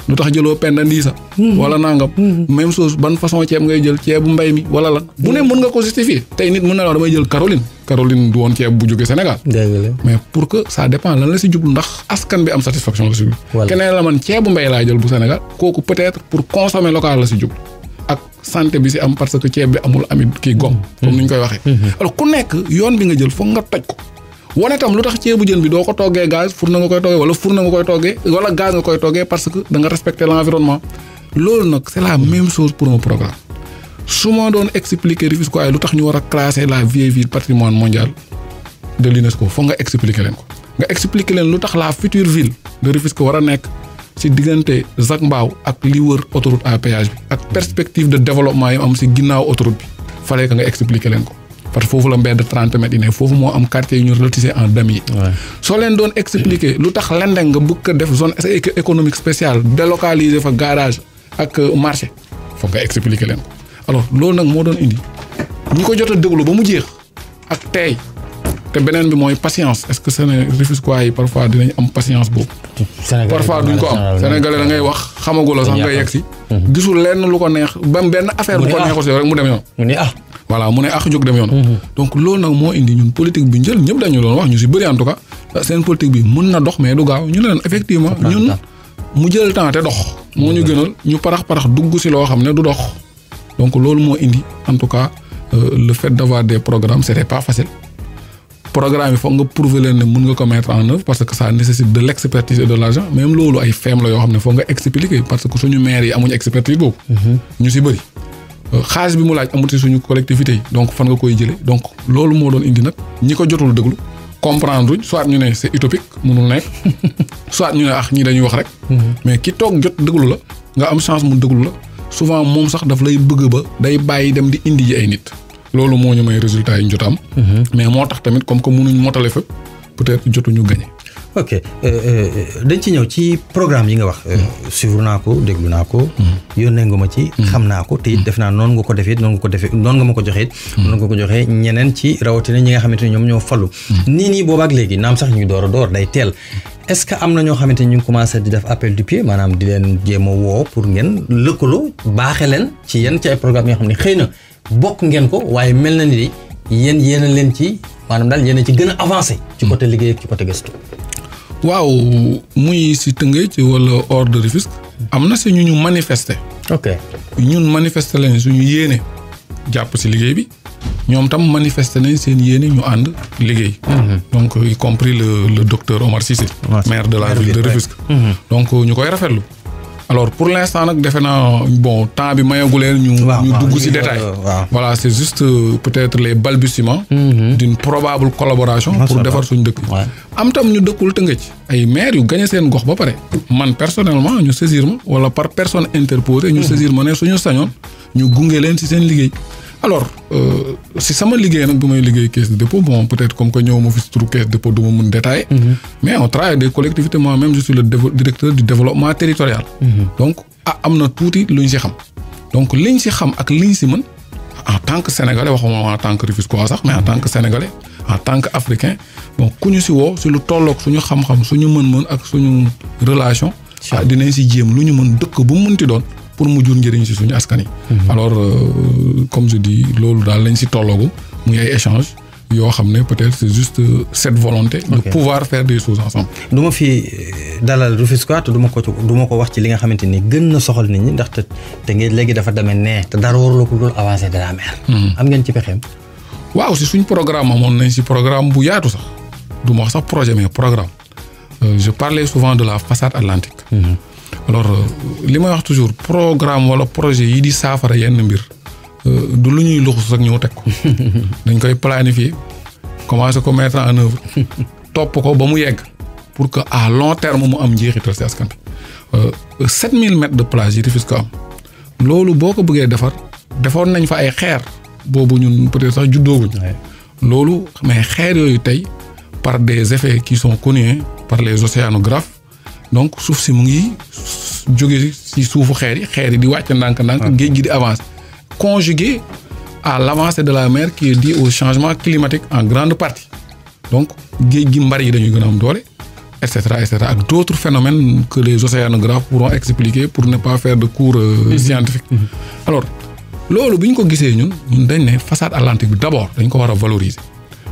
lu tax jëloo pendan di sa hmm. wala nangam hmm. même chose ban façon ceeb ngay jël ceebu mbay mi wala lan bu ne mën nga ko justifier tay nit mën na la damay jël Caroline Caroline du won ceeb bu joggé Sénégal mais pour que ça dépend lan la si jublu ndax askan bi am satisfaction la ci jublu keneen la man ceebu mbay la jël bu Sénégal koku peut-être pour consommer local la si jublu ak santé bi si am parce que ceeb bi amul amit ki gom comme niñ koy waxé hmm. alors ku nekk yoon bi nga jël fo nga toj ko wane tam lutax tax ceebu jën bi doo ko toggee gaz four na nga koy toggee wala four na nga koy toggee wala gaz nga koy toggee parce que da nga respecter l'environnement environnement nak c'est la même chose pour mon programme suma don expliquer Rufisque ay lutax ñu wara classer la vieille ville patrimoine mondial de l'UNESCO fo nga expliquer len ko nga expliquer len lutax la future ville de Rufisque wara nek ci diganté Zac Mbao ak li wër autoroute à péage bi ak perspective de développement yu am ci ginnaw autoroute bi fallait que nga expliquer len ko parce que foofu la mbedd 30 mètres yi ne foofu moo am quartier yu ñu lotissé en demi. soo leen doon expliquer lu tax Lendeng nga bëgg def zone économique spéciale délocaliser fa garage ak euh, marché foog nga expliquer leen alors loolu nag moo doon indi ñi ko jot a déglu ba mu jeex ak tey te beneen bi mooy patience est-ce que seen quoi yi parfois dinañ am patience boobu. parfois duñ ko am sénégalais da ngay wax la sax ngay yegg si. Mhm. gisul lenn lu ko neex ba benn affaire bu ko ah. neexu si rek mu dem yoon. Ah voilà mu ne ak jóg dem yoon. Mhm. donc loolu nak mo indi ñun politique bi njël ñëpp dañu doon wax ñu ci bëri en tout cas seen politique bi mën na dox mais du gaaw ñu leen effectivement. ñun mu jël temps té dox. mo ñu gënal ñu parax parax dugg ci lo xam du dox. donc lool mo indi en tout cas euh, le fait d'avoir des programmes c'était pas facile. programme il faut nga prouver leen mën nga ko mettre en œuvre parce que ça nécessite de l'expertise et de l'argent même lolu ay fem la yo xam faut nga expliquer parce que suñu maire yi amuñu expertise bok mhm. ñu ci bëri. xaalis bi mu laaj amut si suñu collectivité yi donc fan nga koy jëlee donc loolu moo doon indi nag ñi ko jotul déglu comprendre uñ soit ñu ne c'est utopique mënul nekk (laughs) soit ñu ne ah ñii dañuy wax rek mhm. mais ki toog jot déglu la nga am chance mu déglu la souvent moom sax dafa lay bëgg ba day bàyyi dem di indi ji ay nit loolu moo ñu may résultat yi ñu jot am mhm. mais moo tax tamit comme que mënuñ motale fépp peut-être jotuñu gagné ok euh, euh, dañ ci ñëw ci programme yi nga wax. Euh, mm. suivre naa ko déglu naa ko. Mm. yónnee nga ma ci. Mm. xam naa ko te it def naa noonu nga ko defee noonu nga ko defee noonu nga ma ko joxee. noonu nga ko joxe ñeneen ci rawatina ñi nga xamante ne ñoom ñoo falu. nii nii boobaak léegi naam sax ñu door a door day ce que am na xamante ni ñu ngi commencé di def appel du pied maanaam di leen jéema a woo pour ngeen lëkkaloo baaxe leen ci yenn ci ay programme yoo xam ne xëy na bokk ngeen ko waaye mel na ni yéen yéen leen ci maanaam daal yéen a ci gën a avancé. ci côté liggéey ak ci côté waaw muy si Tëngéej wala hors de Rufisque am na se ñu ñu manifester. ok ñun manifester lañ suñu yéene jàpp si liggéey bi ñoom tam manifester nañ seen yéene ñu ànd liggéey. Mhm. donc y compris le le docteur Omar Cissé. maire de la ville de Rufisque. donc ñu koy rafetlu. alors pour l'instant nag defe na bon temps bi mayagu leen ñu. ñu dugg ci détail voilà c'est juste euh, peut-être les balbutiements. Mhm. d'une probable collaboration. pour defar suñu dëkk. am tam ñu dëkkul Tëngéej ay maire yu gagné seen gox ba pare. man personnellement ñu saisir ma wala par personne interposée. ñu mhm. saisir ma ne suñu sañoon ñu gunge leen ci seen liggéey. alors euh, si sama liguey nak bu may liggéey caisse de dépôt bon peut-être comme que ñoom office fi caisse de dépôt duma mën mun détailler mhm. mais on travaille des collectivités moi même je suis le directeur du développement territorial mhm. donc ah am na luñ si xam donc liñ ci xam ak liñ ci mën en tant que sénégalais waxuma en tant que quoi sax mais en tant que sénégalais en tant que africain bon kuñu ñu si woo si lu tolloog suñu xam-xam suñu mën-mën ak suñu relation ah, dinañ ci jéem luñu mën dëkk bu mu ti doon pour mu jur njëriñ si suñu askan yi. Mhm. alors euh, comme je dis loolu daal lañ si tolloogu muy ay échange yoo xam ne peut-être c'est juste euh, cette volonté. de pouvoir faire des choses ensemble. du ma fi euh, dalal Rufisquois du ma ko du ma ko wax ci li nga xamante ni gën na soxal nit ñi ndax te te ngeen léegi dafa demee nee te dara warul ko dul avancée de la mer. Mhm. am ngeen ci pexeem. waaw si suñ programme amoon nañ si programme bu yaatu sax du ma wax sax projet mais programme je parlais souvent de la façade atlantique. Mhm alors li may wax toujours programme wala projet yi di saafara yenn mbir euh, du lu ñuy luxus rek ñëw teg ko (laughs) dañ koy planifier commencer ko mettre en œuvre (laughs) topp ko ba mu yegg pour que à long terme mu am njeexital si askan bi euh, sept mille mètres de plage yi ko am loolu boo ko bëggee defar defoon nañ fa ay xeer boobu ñun peut-être sax juddooguñ loolu mais xeer yooyu tey par des effets qui sont connus hein, par les océanographes donc suuf si mu ngi jóge si suufu xeer yi xeer yi di wàcc ndànk-ndànk. Ah. géej di avance conjugué à l' de la mer qui est liée au changement climatique en grande partie donc géej gi mbar yi dañuy gën a am doole et cetera et phénomènes que les océanographes pourront expliquer pour ne pas faire de cours euh, mm-hmm. scientifiques. Mm-hmm. alors loolu bi ñu ko gisee ñun ñun dañ ne façade atlantique D'abord, d' abord dañ ko valoriser.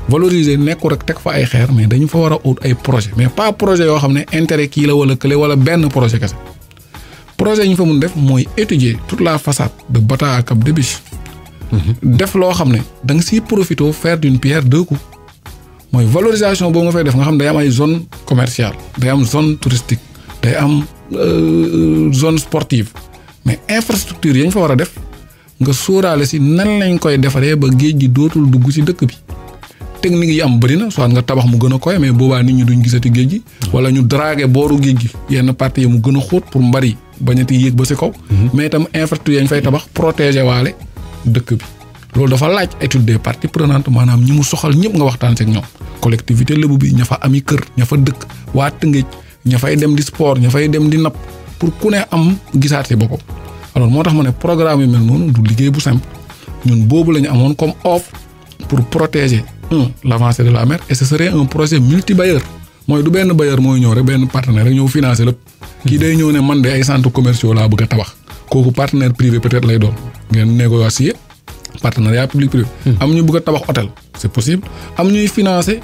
valoriser nekku rek teg fa ay xeer mais dañu fa war a ut ay projet mais pas projet yoo xam ne intérêt kii la wala kële wala benn projet kese projet yi ñu fa mun def mooy étudier toute la façade de Bata à Cap mhm. def loo xam ne da nga siy profité faire d'une pierre deux coups mooy valorisation boobu nga fay def nga xam ne day am ay zone commerciale day am zone touristique day am euh, euh, zone sportive mais infrastructure yañ fa war a def nga sóoraale si nan lañ koy defaree ba géej gi dootul dugg ci dëkk bi. technique yi am bari na soit nga tabax mu gën a koy mais boobaa nit ñi duñ gisati géej gi. Hmm. wala ñu dragué booru géej gi yenn parti yi mu gën a xóot pour mbari ti yéeg ba si kaw. Hmm. mais tam infrastructure yañ fay tabax protéger waale dëkk bi. loolu dafa laaj étude des parties prenantes maanaam ñi mu soxal ñëpp nga waxtaan seeg ñoom collectivité lébu bi ña fa ami kër ña fa dëkk waa Tëngéej ña dem di sport ña dem di napp pour ku ne am gisaate boppam alors moo tax ma ne programme yu mel noonu du liggéey bu simple ñun boobu la comme offre pour protéger un l'avancée de la mer et ce serait un projet bailleur moy du ben bailleur moy ñëw rek ben partenaire rek financer lépp ki day ñëw ne man de ay centres commerciaux la bëgg tabax koku partenaire privé peut-être lay doon ngeen négocier partenariat public privé hmm. am ñu bëgg tabax hôtel c'est possible am ñuy financer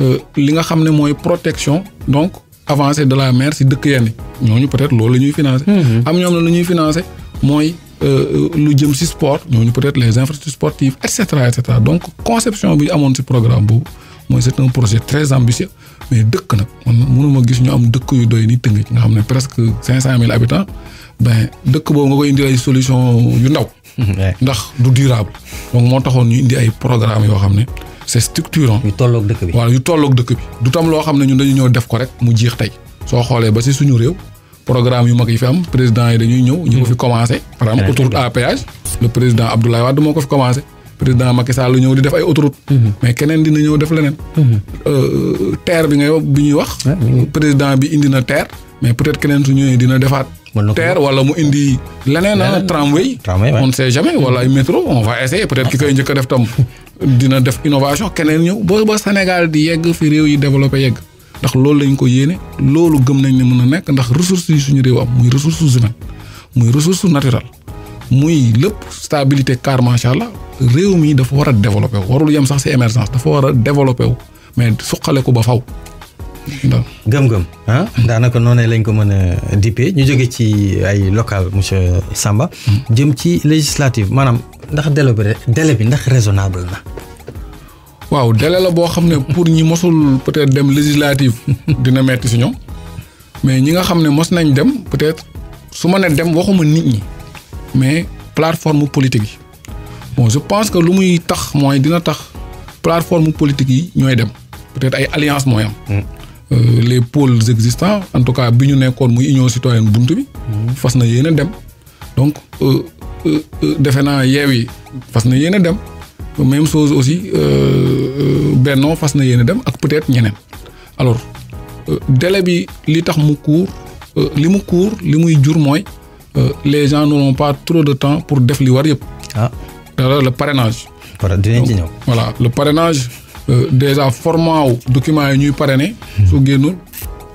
euh, li nga xam ne protection donc avancée de la mer si dëkk yenn ñu peut-être loolu la ñuy financer hmm. am ñoom la ñuy financer moy euh, lu jëm si sport ñooñu peut-être les infrastructures sportives et cetera et cetera donc conception bi amoon ci programme boobu mooy c'est un projet très ambitieux mais dëkk nag man mënuma gis ñu am dëkk yu doy ni Tëngéej nga xam ne presque cinq cent mille habitants ben dëkk boobu nga koy indi ay solution yu ndaw. ndax du durable. donc moo taxoon ñu indi ay programme yoo xam ne c'est structurant. yu tolloog dëkk bi waaw yu tolloog dëkk bi. du tam loo xam ne ñun dañu ñëw def ko rek mu jeex tey soo xoolee ba si suñu réew. programme yu mag yi fi am président yi dañuy ñëw. ñu ko fi hmm. commencé. par exemple autoroute à péage. le président Abdoulaye Wade moo ko fi commencé. président Macky Sall ñëw di def ay autoroute hmm. mais keneen dina ñëw def leneen. Hmm. Euh, terre bi ngay bi ñuy wax. président bi indi na terre. mais peut-être keneen su ñëwee dina defaat. terre wala mu indi. leneen ah tramway. on ne sait jamais wala ay métro on va essayer peut-être ki koy njëkk def tam. (laughs) dina def innovation keneen ñëw ba Sénégal di yegg fi réew yi développé yegg. ndax loolu lañ ko yéene loolu gëm nañ ni mun a nekk ndax ressources yi suñu réew am muy ressource humaine muy ressource muy lépp stabilité car macha allah réew mi dafa war a développé wu warul yem sax si émergence dafa war a développé wu mais suqale ko ba faw gëm-gëm ah daanaka noonu lañ ko mën a dippee ñu jóge ci ay local monsieur Samba hmm. jëm ci législative maanaam ndax délai bi ndax raisonnable na waaw délai la boo xam ne pour ñi mosul peut-être dem législative (laughs) dina metti si ñoom mais ñi nga xam ne mos nañ dem peut-être su ma ne dem waxuma nit ñi mais plateforme politique yi bon je pense que lu muy tax mooy dina tax plateforme politique yi ñooy dem peut-être ay alliance mooy am. Mm. Euh, les pôles existants en tout cas bi ñu nekkoon muy union citoyenne bunt bi. Mm. fas na yéen a dem donc euh, euh, defe naa yeew yi fas na yéen a dem. même chose aussi euh, euh, Benno face na yéene dem ak peut-être ñenen alors euh, délai bi li tax mu court li mu court li les gens n'auront pas trop de temps pour def li ah. le parrainage. voilà le parrainage déjà format document ñuy parrainer. Hmm. su génnul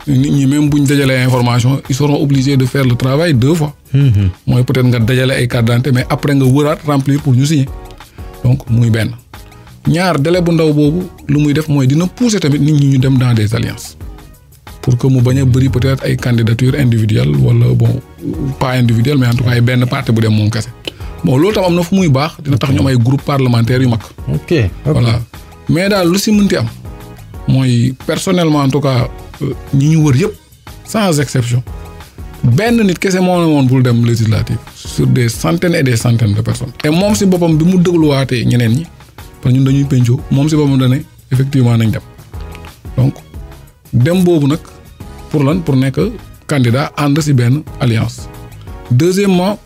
nit ñi même buñ dajalé information ils seront obligés de faire le travail deux fois. Hmm, hmm. Moi, peut-être nga les ay carte d'identité mais après nga wëraat remplir pour ñu signer. donc muy ben. ñaar délai bu ndaw bobu lu muy def moy dina pousser tamit nit ñi ñu dem dans des alliances pour que mu baña a peut-être ay candidature individuelle wala bon pas individuelle mais en tout cas ay ben parti bu dem mom kasse bon lolu tam amna fu muy bax dina tax ñom ay groupe parlementaire yu mak ok voilà mais dal lu si mënti am moy personnellement en tout cas euh, ñi ñu wër yépp sans exception benn nit kese moo ne woon bul dem législative sur des centaines et des centaines de personnes. et moom si boppam bi mu dégluwaatee ñeneen ñi parce ñun dañuy pencoo moom si boppam dañ effectivement nañ dem donc dem boobu nag pour lan pour nekk candidat ànd si benn alliance. deuxièmement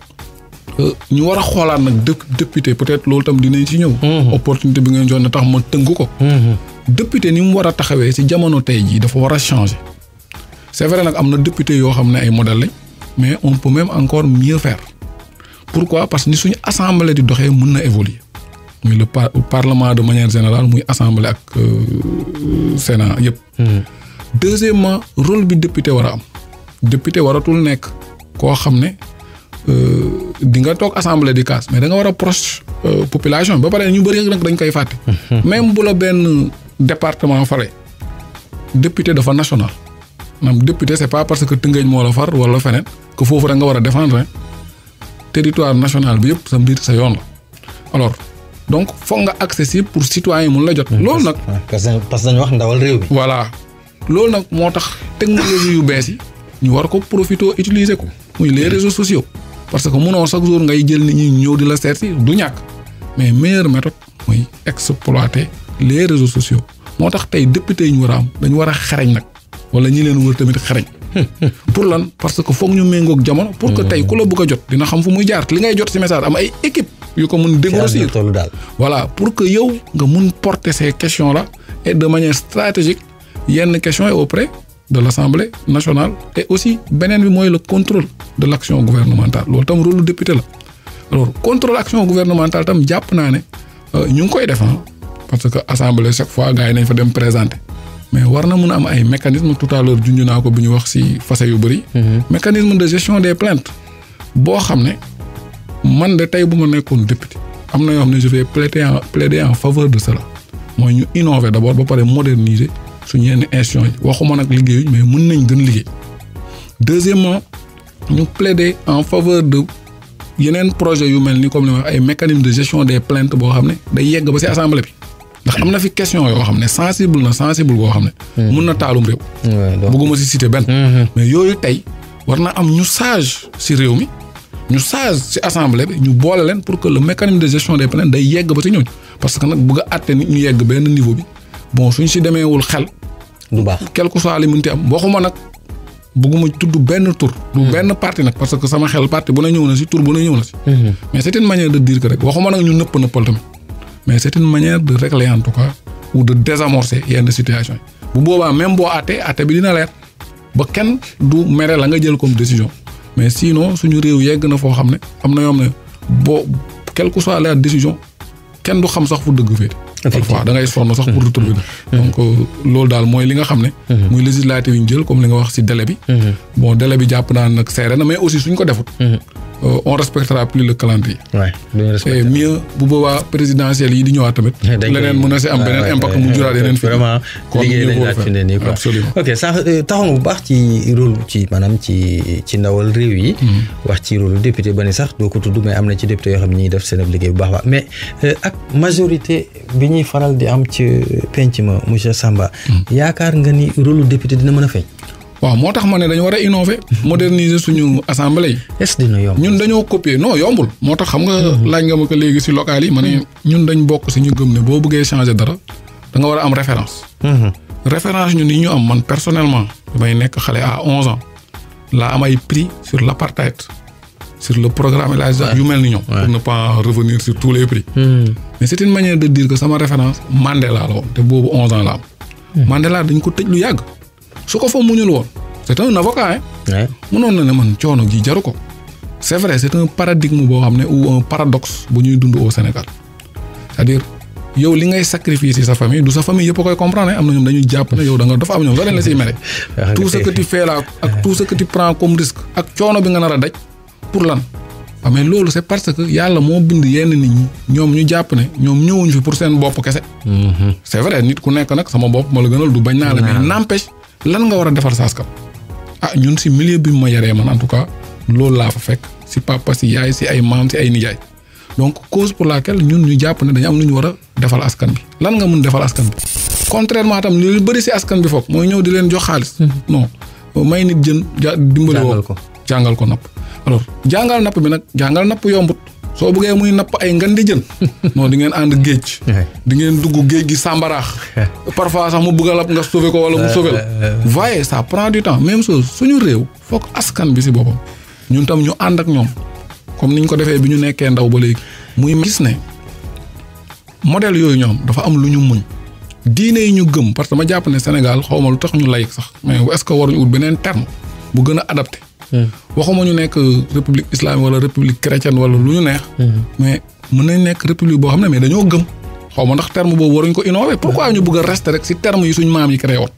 euh, ñu war a xoolaat nag député peut-être loolu tam dinañ ci ñëw. Mm-hmm. opportunité bi ngeen jox na tax ma tënk ko. Mm-hmm. député ni mu war a taxawee si jamono tey jii dafa war a changer c'est vrai nak amna député yo xamné ay modèle lañ mais on peut même encore mieux faire pourquoi parce que ni suñu assemblée di doxé mën na évoluer muy le par parlement de manière générale muy assemblée ak euh, sénat yëpp. Hmm. deuxièmement rôle bi député wara am député waratul nek ko xamné euh di nga tok assemblée di cas mais da nga wara a proche euh, population ba paré ñu bari nak dañ koy faté hmm. même bu la ben département fare député dafa national maanaam député c'est pas parce que Tëngéej mo la far wala feneen que fofu da nga wara défendre territoire national bi yëpp sa mbir sa yoon alors donc fo nga accessible pour citoyen yi la jot. lool nak parce que dañ wax ndawal rew bi voilà lool nak motax technologie yu bees ñu war ko profito utiliser ko muy les réseaux sociaux parce que munoo chaque jour ngay jël nit ñi ñëw di la seet du ñak mais meilleure méthode muy exploiter les réseaux sociaux motax tay député ñu war a am dañu war a xarañ nag. wala ñi leen wër tamit xarañ. (laughs) pour lan parce que foog ñu méngoog jamono. pour que mm. tey ku la bëgg a jot dina xam fu muy jaar li ngay jot ci message am ay équipe yu ko mun dégrossir voilà pour que yow nga mun porter ces questions là et de manière stratégique yenn questions yi auprès de l'Assemblée nationale et aussi beneen bi mooy le contrôle de l'action gouvernementale loolu tam rôle député la alors contrôle action gouvernementale tam jàpp naa ne euh, ñu ngi koy def ah, parce que assemblée chaque fois gars nañ fa dem présenter. mais warna na am ay mécanisme tout à l'heure junj ko buñu wax ci fase yu bari mhm. mécanisme de gestion des plaintes bo xamné man de tay buma nekkon député amna yo xamné je vais plaider en plaider en faveur de cela moy ñu innover d'abord ba paré moderniser suñu yenn institution waxuma nak liggéeyuñ mais mën nañ gën liggéey deuxièmement ñu plaider en faveur de yeneen projet yu mel ni comme li wax ay mécanisme de gestion des plaintes boo xam ne day yegg ba si assemblée bi. ndax am na fi question yoo xam ne sensible na sensible boo xam ne. Hmm. mun na taalum réew. bëgguma si cité benn. Hmm. mais yooyu tey war na am ñu sage si réew mi ñu sage si assemblée bi ñu boole leen pour que le mécanisme de gestion des plaintes day yegg ba si ñooñu parce que nag bëgg a àtte nit ñu yegg benn niveau bi bon suñ si demeewul xel. du baax quel que soit li mun ti am waxuma nag bëgguma tudd benn tur. du hmm. benn parti nag parce que sama xel parti bu na ñëw na si tur bu mais c'est une manière de régler en tout cas ou de désamorcer yenn situation bu boobaa même boo àttee àtte bi dina leer ba kenn du mere la nga jël comme décision mais sinon suñu réew yegg na foo xam ne am na yoom ne boo quelle que soit la décision kenn du xam sax fu dëgg féete parfois da ngay sonn sax pour mm-hmm. retrouver mm-hmm. donc euh, loolu daal mooy li nga xam ne mm-hmm. muy législative yi ñu jël comme li nga wax si délai bi bon délai bi jàpp naa nag seere na mais aussi suñ ko defut Euh, on respectera plus le calendrier. et mieux bu boobaa présidentiel yi di ñëwaat tamit. (laughs) dañ leneen mën na si am beneen impact mu juraat yeneen. vraiment liggéey lañ laaj fi ne nii quoi absolument euh, bu baax ci rôle ci maanaam ci ci ndawal réew yi. Mhm. wax ci rôle député ba ne sax doo ko tudd may am na ci député yoo xam ne ñuy def seen liggéey bu baax baax mais euh, ak majorité bi ñuy faral di am ci penc ma monsieur Samba. Mhm. yaakaar nga ni rôle député dina mën a feeñ. waaw moo tax ma ne dañu war a innover moderniser suñu assemblée yi. est dina yomb ñun dañoo copier non yombul. moo tax xam nga mm-hmm. laaj nga ma ko léegi si local yi ma ne ñun dañ bokk si ñu gëm ne boo bëggee changer dara da nga war a am référence. Mm-hmm. référence ñun yi ñu am man personnellement damay nekk xale à 11 ans laa am ay prix sur l'apartheid sur le programme et la yu mel ni ñoom. pour ne pas revenir sur tous les prix. Mm-hmm. mais c'est une manière de dire que sama référence Mandela la woon te boobu 11 ans la am. Mm. Mandela dañ ko tëj lu yàgg. su ko fa muñul woon c'est un avocat hein. mënoon na ne man coono gi jaru ko. c'est vrai c'est un paradigme boo xam ne ou un bu ñuy dund au Sénégal c'est-à-dire yow li ngay sacrifier ci sa famille du sa famille yëpp a koy comprendre am na ñoom dañuy jàpp ne yow da nga dafa am ñoom soo leen la siy mere. (laughs) Ah, tout ce que tu ak tout bi nga nar a daj pour lan. waaw ah, mais loolu c'est parce que yàlla moo bind yenn nit ñoom ñu jàpp ne ñoom ñëwuñu fi pour seen bopp kese. Mm-hmm. c'est vrai nit ku nekk nag sama bopp ma la gënal du bañ naa la mais n'empêche. lan nga war a defar sa ah ñun si milieu bi ma yaree man en tout cas loolu laa fa fekk si papa si yaay si ay maam si ay nijaay donc cause pour laquelle ñun ñu jàpp ne dañu am lu ñu war a defal askan bi lan nga mun defal askan bi contrairement tam li bëri si askan bi foog mooy ñëw di leen jox xaalis mhm. non may nit jën dimbali woo jàngal ko napp alors jàngal napp bi nag jàngal napp yombut soo bëggee muy napp ay ngan di jën (laughs) non di ngeen ànd géej di ngeen dugg géej gi sàmbaraax parfois sax mu bëgg la nga sauver ko wala mu sauver la voyez ça prend du temps même chose suñu réew foog askan bi si boppam ñun tam ñu ànd ak ñoom comme niñ ko defee bi ñu nekkee ndaw ba léegi muy gis ne model yooyu ñoom dafa am lu ñu muñ diine yi ñu gëm parce que ma jàpp ne Sénégal xaw ma lu tax ñu lay sax mais est-ce que waruñu ut beneen terme bu gën a adapté waxuma ñu nekk république islamique wala république chrétienne wala lu ñu neex. Mm-hmm. mais mën nañ nekk république boo xam ne mais dañoo gëm. xaw ma ndax terme boobu waruñ ko innover mm-hmm. pourquoi ñu bëgg a rester rek si terme yi suñu maam yi créé woon.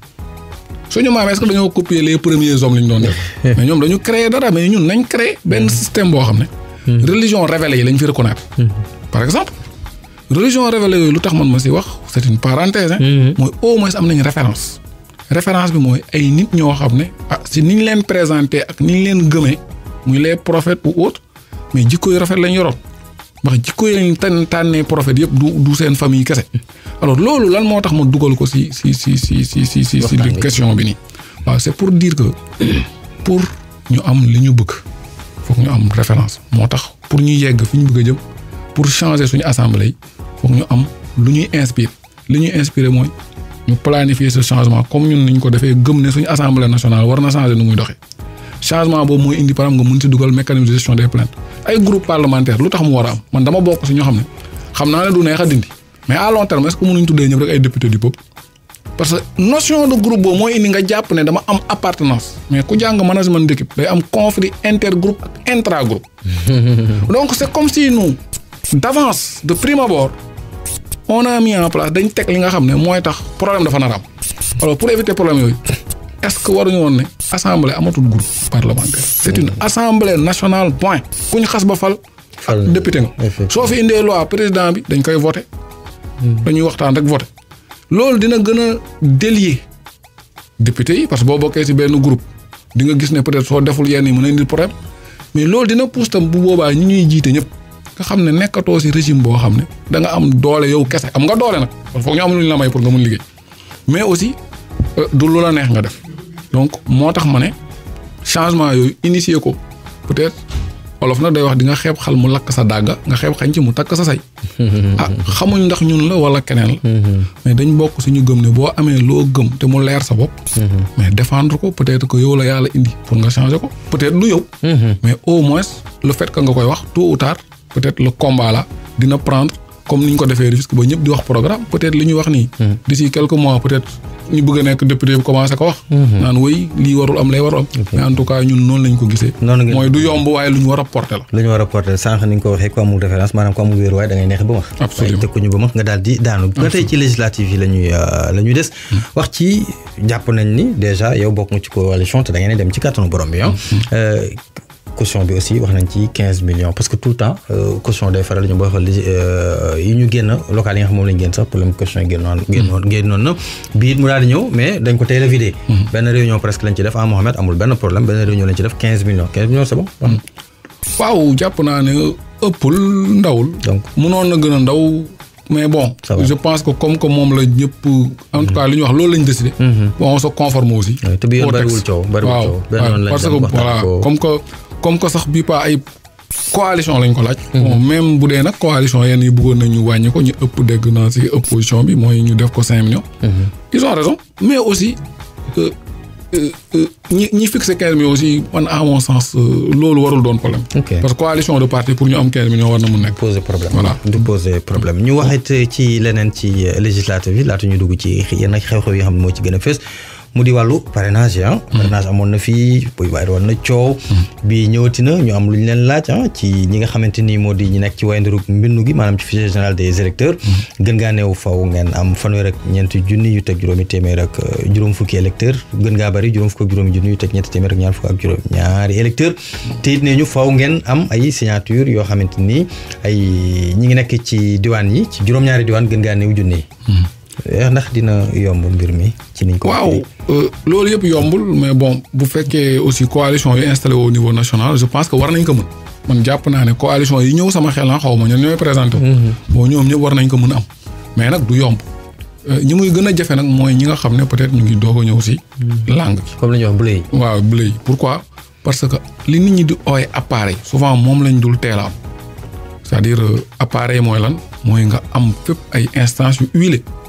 suñu maam est-ce que dañoo copier les premiers hommes li ñu doon def. (laughs) mais ñoom dañu créer dara mais ñun nañ créer benn mm-hmm. système boo xam ne. religion révélée yi lañ fi reconnaître. par exemple religion révélée yooyu lu tax man ma si wax c'est am nañ référence. référence bi mooy ay nit ñoo xam ne ah si niñ leen présenté ak niñ leen gëmee muy les prophètes ou autres mais jikko yu rafet lañ yoroon ndax jikko yi lañ tànn tànnee prophètes yëpp du du seen famille kese alors loolu lan moo tax ma dugal ko si si si si si si si si question bi nii waaw c'est pour dire que pour ñu am li ñu bëgg foog ñu am référence moo tax pour ñu yegg fi ñu bëgg a jëm pour changer suñu assemblée yi foog ñu am lu ñuy inspire li ñuy inspiré mooy ñu planifier changement comme ñun ni ñu ko defee gëm ne suñu assemblée nationale war na changer nu muy doxee changement boobu mooy indi par exemple nga mën si dugal mécanisme de gestion des plaintes ay groupe parlementaire lu tax mu war a am man dama bokk si ñoo xam ne xam naa ne du neex dindi mais à long terme est ce que mënuñ tuddee ay député du peuple parce que notion de groupe boobu mooy indi nga jàpp ne dama am appartenance mais ku jàng management (laughs) d' on a mis dañ teg li nga xam ne mooy tax problème dafa nar am alors pour éviter problème yooyu est-ce que waruñu woon ne assemblée amatul groupe parlementaire. c'est une assemblée nationale point. ku ñu xas ba fal. fal député nga. soo fi indee loi président bi dañ koy voté. Hmm. dañuy waxtaan rek voté. loolu dina gën a délier député yi parce que boo bokkee ci benn groupe di nga gis ne peut soo deful yenn yi mën a indil problème mais loolu dina pousse tam bu boobaa ñi ñuy jiite ñëpp. nga xam ne nekkatoo si régime boo xam ne da nga am doole yow kese am nga doole nag foog ñu am lu la may pour nga mun liggéey mais aussi euh, du lu la neex nga def donc moo tax ma ne changement yooyu initier ko peut-être olof nag day wax di nga xeeb xal mu lakk sa dàgga nga xeeb xañ ci mu takk sa say. (laughs) ah xamuñ ndax ñun la wala keneen la. Mhm. mais dañ bokk suñu gëm ne boo amee loo gëm te mu leer sa bopp. Mhm. mais défendre ko peut-être que yow la yàlla indi pour nga changer ko peut-être du yow. Mhm. mais au moins le fait que nga koy wax tôt ou tard peut-être le combat la dina prendre comme ni ñu ko defee risque ba ñëpp di wax programme peut-être li ñu wax nii. Hmm. d'ici quelques mois peut-être ñu bëgg a nekk député bi commencé ko wax. Hmm. naan wéy lii warul am lay warul am. mais en ñun noonu lañ ko gisee. mooy du yomb waaye lu ñu war a porté la. lu ñu war a porté sànq ni nga ko waxee ku amul référence maanaam ku amul wéeru waaye da neex ba ma. absolument waaye tëkkuñu ba ma nga daal di daanu. ba tey ci législative euh, hmm. yow bokk nga ci coalition te da ngeen dem ci kàttanu borom bi ah. euh, caution bi aussi wax nañ ci 15 millions parce que tout le temps euh, caution day faral ñu booy xool yi ñu genn local yi nga xam mom lañ genn sax problème caution yi génnoon genn non na bii mu daal ñëw mais dañ ko teel a vidé ben réunion presque lañ ci def ah Mohamed amul ben problème ben réunion lañ ci def 15 millions 15 millions c'est bon mm-hmm. waaw japp naa ne ëppul ndawul donc mënoon na gën a ndaw mais bon je pense que comme que moom la ñëpp en tout cas li ñu wax loolu lañ décidé mm-hmm. bon on se conforme aussi te bi yoon bariwul coow bariwul coow benn yoon lañ parce que voilà comme que comme ko sax bi pas ay coalition lañ ko laaj. Mhm. bon même bu dee nag coalition yenn yi bëggoon nañ ñu wàññi ko ñu ëpp dégg naa si opposition bi mooy ñu def ko 5 millions. Mhm. ils ont raison mais aussi. Euh, euh, ñi ñi fixé 15 millions aussi man à mon sens euh, loolu warul doon problème. parce que coalition de parti pour ñu am 15 millions war na mu nekk. poser problème voilà du poser problème ñu waxit ci leneen ci législative bi laata ñu dugg ci yenn xew-xew yi nga xam ne moo ci gën a fës. mu di wàllu parrainage ah mm. parrainage amoon na fii buy bàyyi woon na coow mm. bi ñëwati na ñu am lu ñu leen laaj ah ci ñi nga xamante ni moo di ñu nekk ci wayandiru mbindu gi maanaam ci fichier général des électeurs mm. gën ngaa néew faw ngeen am fanweer ak ñeenti junni yu teg juróomi téeméer ak euh, juróom fukki électeur gën ngaa bëri juróom fukk ak juróomi junni yu teg ñeenti téeméer ak ñaar fukk ak juróom ñaari électeur te it ne ñu faw ngeen am ay signature yoo xamante ni ay ñi ngi nekk ci diwaan yi ci juróom-ñaari diwaan gën ngaa néew junni Eh, ndax dina yomb mbir mi. ci niñ ko waaw euh, loolu yëpp yombul mais bon bu fekkee aussi coalition yi installé au niveau national je pense que war nañ ko mën. man jàpp naa ne coalition yi ñëw sama xel na ah, xaw ma ñoom ñooy présenté mhm. bon ñoom ñëpp war nañ ko mën am. mais nag du yomb euh, ñi muy gën a jafe nag mooy ñi nga xam ne peut-être ñu ngi doog a ñëw si. Mhm. langue bi comme li ñuy wax blé. waaw blé pourquoi parce que li nit ñi di ooy appareil. souvent moom lañ dul teel c'est-à-dire euh, appareil mooy lan mooy nga am fépp ay instances yu huilées.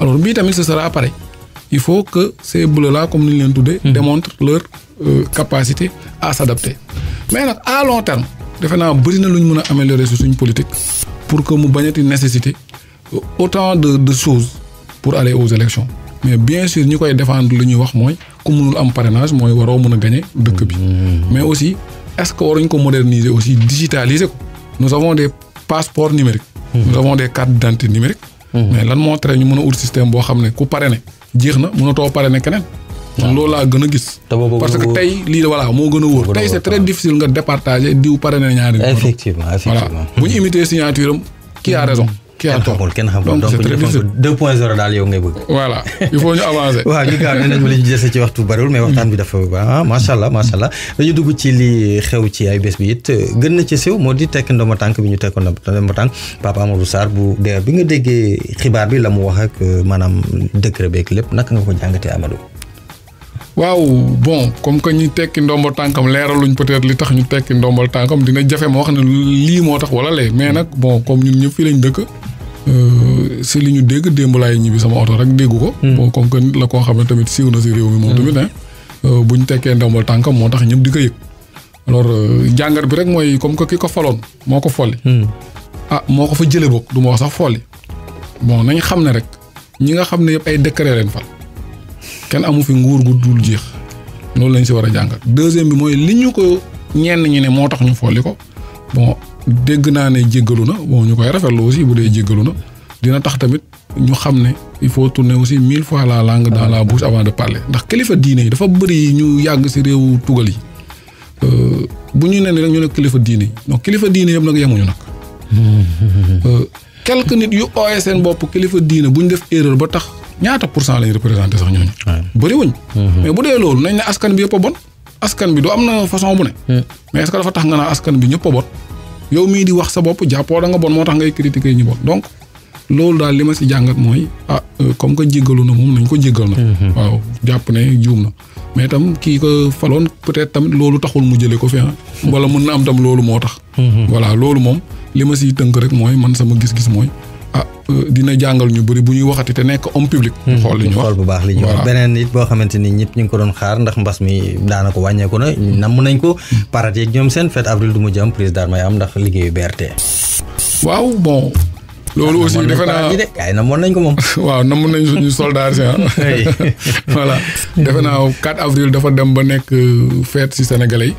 alors oui tamit ce sera pareil il faut que ces bleus là comme nous l'entendons, dit, mhm. démontrent leur euh, capacité à s'adapter mais à long terme nous devons améliorer ce politique pour que mu bañati nécessité euh, autant de de choses pour aller aux élections mais bien sûr nous devons défendre le wax comme nous mënul am parrainage mooy waroo nous gagner mhm. mais aussi est-ce qu'on peut moderniser aussi digitaliser nous avons des passeports numériques. Mhm. nous avons des cartes d'identité numériques. Mm-hmm. mais lan moo tere ñu mën a ut système boo xam ne ku pare ne jeex na mënatoo pare ne keneen. Ah. man loolu laa gën a gis. parce que tey lii voilà moo gën a wóor. tey c'est très difficile nga départager diw pare ne ñaari. effectivement effectivement voilà bu ñu imiter signature am kii a mm-hmm. raison. kenn xamul kenn xamul donc ñu daal yow ngay bëgg. voilà il faut ñu avancer. (laughs) waaw ñu gaaw nee nañ ma li ñu ci waxtu bariwul mais waxtaan bi dafa ah, dugg ci li xew ci ay bés bi na ci moo di tekk ndomo tànk bi ñu tekkoon ndomo tànk Papa Amadou Sarr bu DER bi nga déggee xibaar bi la mu wax euh, maanaam décret beeg lépp naka nga ko jàngatee Amadou. waaw bon comme que ñu tekki ndombal tànkam leeraluñ peut-être li tax ñu tekki ndombal tànkam dina jafe ma wax ne lii moo tax wala lee mais nag bon comme ñun ñëpp fii lañ dëkk Euh, si li ñu dégg démb laay ñibbi sama oto rek dégg ko. Hmm. bon comme que nit la koo xam ne tamit siiw na si réew mi moom hmm. tamit. Euh, bu ñu tekkee ndombal tànkam moo tax ñëpp di ko yëg. Euh, jàngat bi rek mooy comme que ki ko faloon moo ko folli. Hmm. ah moo ko fa jëlee bokk du ma wax sax folli. bon nañ xam ne rek ñi nga xam ne yëpp ay décret leen fal kenn amu fi nguur gu dul jeex loolu lañ si war a jàngat deuxième bi mooy li ñu ko ñenn ñi ne moo tax ñu folli ko bon dégg naa ne jéggalu na bon ñu koy rafetlu aussi bu dee jéggalu na dina tax tamit ñu xam ne il faut tourner aussi mille fois la langue dans la bouche avant de parler ndax kilifa diine yi dafa bëri ñu yàgg si réew tugal yi euh, bu ñu nee rek ñu ne kilifa diine yi kilifa diine yëpp nag yemuñu nag. (laughs) Euh, quelques nit yu ooyee seen bopp kilifa diine bu ñu def erreur ba tax ñaata pour cent lañu représenté sax ñooñu. bëri mm-hmm. mais bu dee loolu nañ ne askan bi yëpp a bon. askan am na façon bu ne. Mm. mais tax nga naa askan bi ñëpp a yow mii di wax sa bopp jàppoo da nga bon moo tax ngay critiquer ñu bon donc loolu daal li ma si jàngat mooy ah euh, comme que jéggalu na moom nañ ko jéggal na mm-hmm. waaw jàpp ne juum na mais itam kii ko faloon peut-être tamit loolu taxul mu jëlee ko fi ah wala mun na am tam loolu moo tax mm-hmm. voilà loolu moom li ma si tënk rek mooy man sama gis-gis mooy dina jàngal ñu bëri bu ñuy waxati te nekk homme public. Hmm. xool li ñu wax xool bu baax li ñu wax beneen nit boo xamante ni ñëpp ñu ko doon xaar ndax mbas mi daanaka wàññeeku na namm nañ ko. Hmm. parate yeeg ñoom seen fête avril du mujj am prise d'armes am ndax liggéeyu BRT. waaw bon. loolu aussi defe naa na namoon nañ ko moom (laughs) waaw na namoon nañ suñu soldat si ah. (laughs) (laughs) voilà defe naa 4 avril dafa dem ba nekk euh, fête si sénégalais yi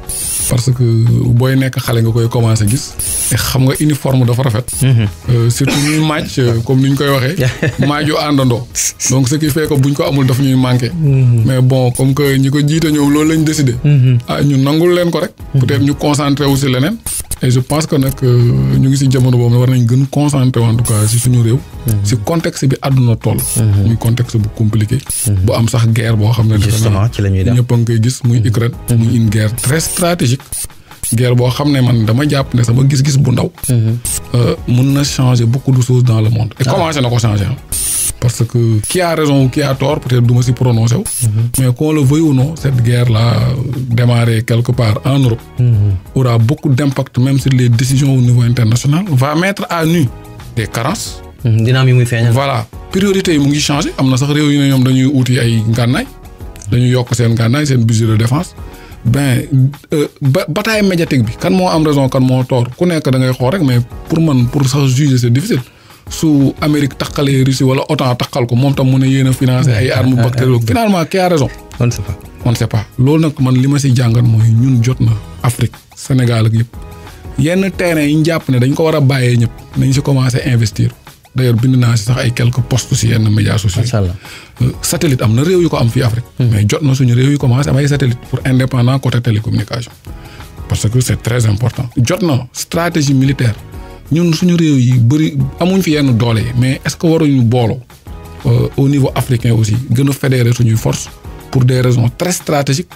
parce que euh, booy nekk xale nga koy commencé gis te xam nga uniforme dafa rafet mhm. euh, surtout ñuy match comme niñ koy waxee maaju àndandoo donc ce qui fait que buñ ko amul daf ñuy manqué mhm. mais bon comme que ñi ko jiite ñoom loolu lañ décidé mhm. ah ñu nangul leen ko rek peut-être ñu concentré wu si leneen et je pense que nag euh, ñu ngi si jamono boobu war nañ gën concentré en tout cas si suñu réew. si mhm. contexte bi àdduna tool mhm. muy contexte bu compliqué. Mhm. bu am sax guerre boo xam ne. justement ci la ñuy def ñëpp a ngi koy gis muy Ukraine. muy une guerre très stratégique. guerre boo xam ne man dama jàpp ne sama gis-gis bu ndaw. Euh, mun na changer bu de choses dans le monde. et ah. commencé na ko changer parce que qui a raison ou qui a tort peut-être je me prononce, mhm. mais qu'on le veuille ou non cette guerre là démarrée quelque part en Europe. Mhm. aura beaucoup d'impact même sur les décisions au niveau international va mettre à nu des carences. Mhm. voilà priorité yi mu ngi changé am à sax réew yu ne dañuy ay dañuy budget de défense. ben euh, bataille médiatique bi kan moo am raison kan moi tort ku nekk da ngay mais pour moi, pour ça, juger c'est difficile. su Amérique taqalee Russie wala OTAN taqal ko moom tam mu ne yéen financé ay armes bactériologiques finalement qui a raison. on ne loolu nag man li ma si jàngat mooy ñun jot na Afrique Sénégal ak yëpp yenn terrain yi ñu jàpp ne dañ ko war a bàyyee ñëpp nañ si commencé investir d' ailleurs bind naa si sax ay quelques postes si yenn médias sociaux. macha allah euh, am na réew yu ko am fi Afrique. Hmm. mais jot na suñu réew yi commencé am ay satellite pour indépendant côté télécommunication parce que c' est très important. jot na stratégie militaire. ñun suñu réew yi bëri amuñ fi yenn doole yi mais est-ce que waruñu booloo euh, au niveau africain aussi gën a fédérer suñuy force pour des raisons très stratégiques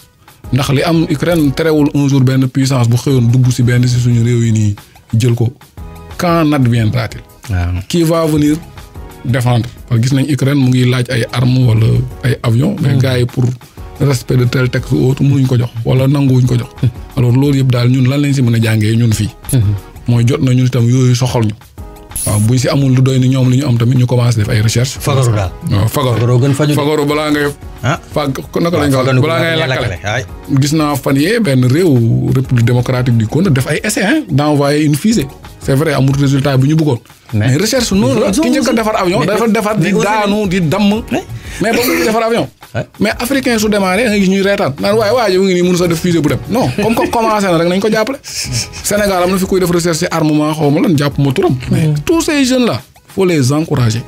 ndax li am Ukraine terewul un jour benn puissance bu xëyoon dugg si benn si suñu réew yi nii jël ko qu'en adviendra-t-il ah. qui va venir défendre parce que gis nañ Ukraine mu ngi laaj ay armes wala ay avions mais hmm. gars yi pour respect de tel texte ou autre mënuñ ko jox wala nanguwuñ ko jox hmm. alors loolu yëpp daal ñun lan lañ si mën a jàngee ñun fii hmm. mooy jot na ñun itam yooyu soxal ñu. waaw bu ñu si amul lu doy ni ñoom li ñu am tamit ñu commencé def ay recherche. fagaru daal waaw fagaru. fagaru gën faju fagaru balaa ngay. ah fag naka lañ ko wax balaa ngay lakkale. gis naa fan yee benn réew république démocratique du Congo def ay essais hein d'envoyer une fusée. c'est vrai amul résultat bi ñu bëggoon. mais recherche noonu la ki njëkk a defar avion dafa defar di daanu di damm. mais bon mu (coughs) defar avion. mais africains sont démarré ils nga gis ñuy reetaan ouais waaye waa ji mu ngi nii mënu sa def fusée bu dem non comme comme commencé na rek nañ ko jàppale. (laughs) Sénégal am na fi kuy def recherche armement xaw ma lan jàpp ma turam. mais tous ces jeunes là. faut les encourager.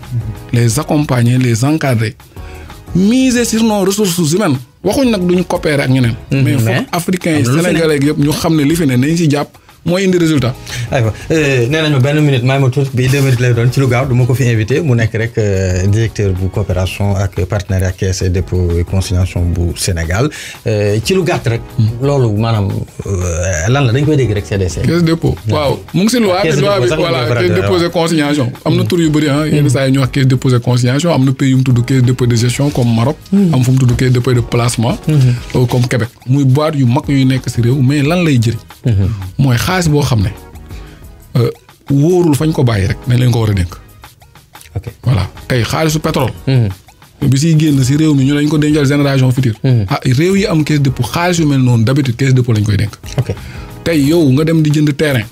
les accompagner les encadrer. miser sur nos ressources humaines. waxuñ nak duñ coopérer ak ñeneen. Mm-hmm. mais faut africains yi sénégalais yëpp ñu xam ne li fi ne nañ ci jàpp mooy indi résultat. aywa euh, nee nañu benn minute maa ma tuut bi deux minutes lay doon ci lu gaaw du ma ko fi invité mu nekk rek euh, directeur bu coopération ak partenariat caisse et dépôt et consignation bu Sénégal euh, ci lu gàtt rek. Hmm. loolu maanaam lan la dañ koy dégg rek CDC. caisse dépôt waaw mu ngi si loi bi loi bi voilà caisse dépôt et consignation am na hmm. tur yu bëri ah. yenn hmm. saa yi ñu wax caisse dépôt et consignation am na pays yu mu tudd caisse dépôt de gestion comme Maroc. am fu mu tudd caisse dépôt de placement. comme Québec muy boîte yu mag yuy nekk si réew mais lan lay jëriñ. Mm-hmm. mooy xaalis boo xam ne euh, wóorul fañ ko bàyyi rek dañ leen ko war a dénk. ok voilà tey xaalisu pétrole. Mm-hmm. bi si génn si réew mi ñu lañ ko dencal génération future. Mm-hmm. ah réew yi am caisse dépôt xaalis yu mel noonu d'habitude caisse dépôt lañ koy dénk. ok tey yow nga dem di jënd terrain.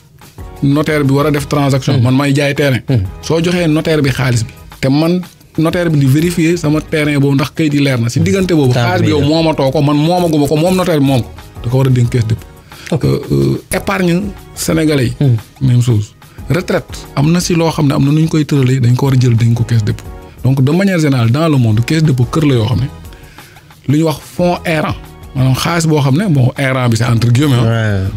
notaire bi war a def transaction. man may jaay terrain. soo joxee notaire bi xaalis bi te man. notaire bi di vérifier sama terrain boobu ndax kayit yi leer na si diggante boobu xaalis bi yow moomatoo ko man moomaguma ko moom notaire bi moom ko war a dénk caisse Euh, euh, épargne sénégalais yi. Hmm. même chose retraite am na si loo xam ne am na nu ñu koy tëralee dañ ko war a jël dañ ko caisse dépôt donc de manière générale dans le monde caisse dépôt kër la yoo xam ne lu ñu wax fonds errant maanaam xaalis boo xam ne bon errant bi c'est entre guillemets. Euh,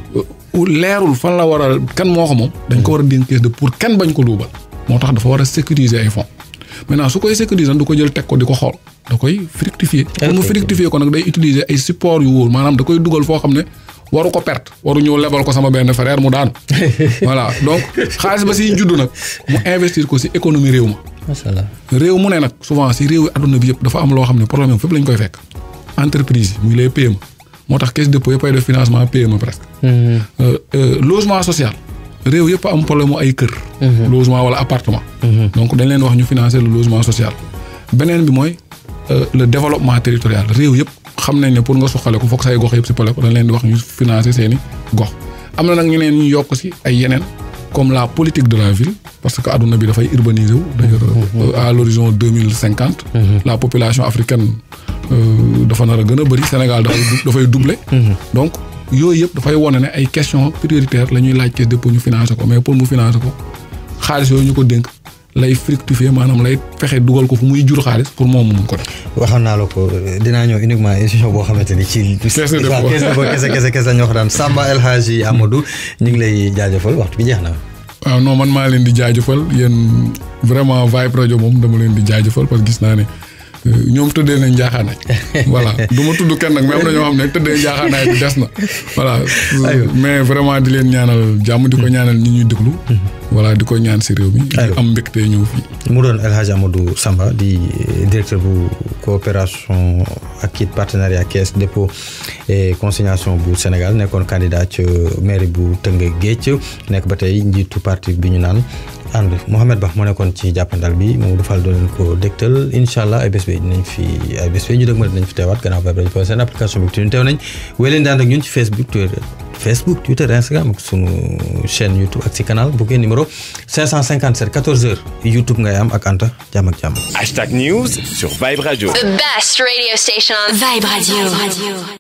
leerul fan la war a kan moo ko moom. dañ ko war a dénk caisse dépôt pour kenn bañ ko luubal. moo tax dafa war a sécuriser ay fonds maintenant su koy sécuriser du ko jël teg ko di ko xool da koy fructifier. pour mu fructifier ko nag day utiliser ay support yu wóor maanaam da koy dugal foo xam ne. waru ko perte waru ñëw lebal ko sama benn frère mu daan (laughs) voilà donc xaalis ba si judd nag mu investir ko si économie réew ma. macha allah réew mu ne nag souvent si réew yi àdduna bi yëpp dafa am loo xam ne problème am lañ koy fekk entreprise yi muy les PME moo tax caisse de dépôt yëpp ay def financement PME presque. Mhm. Euh, euh, logement social. réew yëpp am problème mu ay kër. Mhm. logement wala appartement. Mhm. donc dañ leen wax ñu financer le logement social. beneen bi mooy euh, le développement territorial réew yëpp. xam nañ ne pour nga suqale ko foog say gox yëpp si pale ko dañ leen di wax ñu financer seen i gox am na nag ñeneen ñu yokk si ay yeneen comme la politique de la ville parce que aduna bi dafay urbaniser wu d'ailleurs mhm, mhm, mhm. à l'horizon deux mille la population africaine euh, dafa nar a gën a bëri Sénégal dafay dafay doubler donc yooyu yëpp dafay wane ne ay questions prioritaires la ñuy laaj Caisse Dépôt ñu financer ko mais pour mu financer ko xaalis yooyu ñu ko dénk lay fructifier maanaam lay fexe dugal ko fu muy jur xaalis pour moom mu mun ko def. waxoon naa la ko dinaa ñëw uniquement émission boo xamante ni ci. kees de bopp kese kese kese la ñu daan Samba El Hadji Amadou ñu ngi lay jaajëfal waxtu bi jeex na. waaw non man maa leen di jaajëfal yéen vraiment Vibe Radio moom dama leen di jaajëfal parce que gis naa ne. ñoom tëddee nañ njaaxaanaay (laughs) voilà du ma tudd kenn nag mais am na ñoo xam ne tëddee njaaxaanaay bi des na voilà mais vraiment di leen ñaanal jàmm di ko ñaanal ñi ñuy déglu mm-hmm. voilà di ko ñaan si réew mi di am mbégte ñu fii mu doon El Hadj du Samba di eh, directeur bu coopération ak it partenariat kes dépôt et consignation bu Sénégal nekkoon candidat ci mairie bu Tëngéej nekk ba tey njiitu parti bi ñu naan ànd Mouhamed Ba moo nekkoon ci jàppandal bi Mamadou Fall doo leen ko dégtal incha allah ay bés bi dinañ fi ay bés bi ñu dëgmal dinañ fi teewaat gannaaw ba dañ seen application bi ñu teew nañ wéy leen ak ñun ci Facebook Twitter Facebook Twitter Instagram ak sunu chaîne YouTube ak si canal bu ngeen numéro 557 14h YouTube ngay am ak Anta jàmm ak jàmm. hashtag news sur Vibe Radio. The best radio station on Vibe Radio.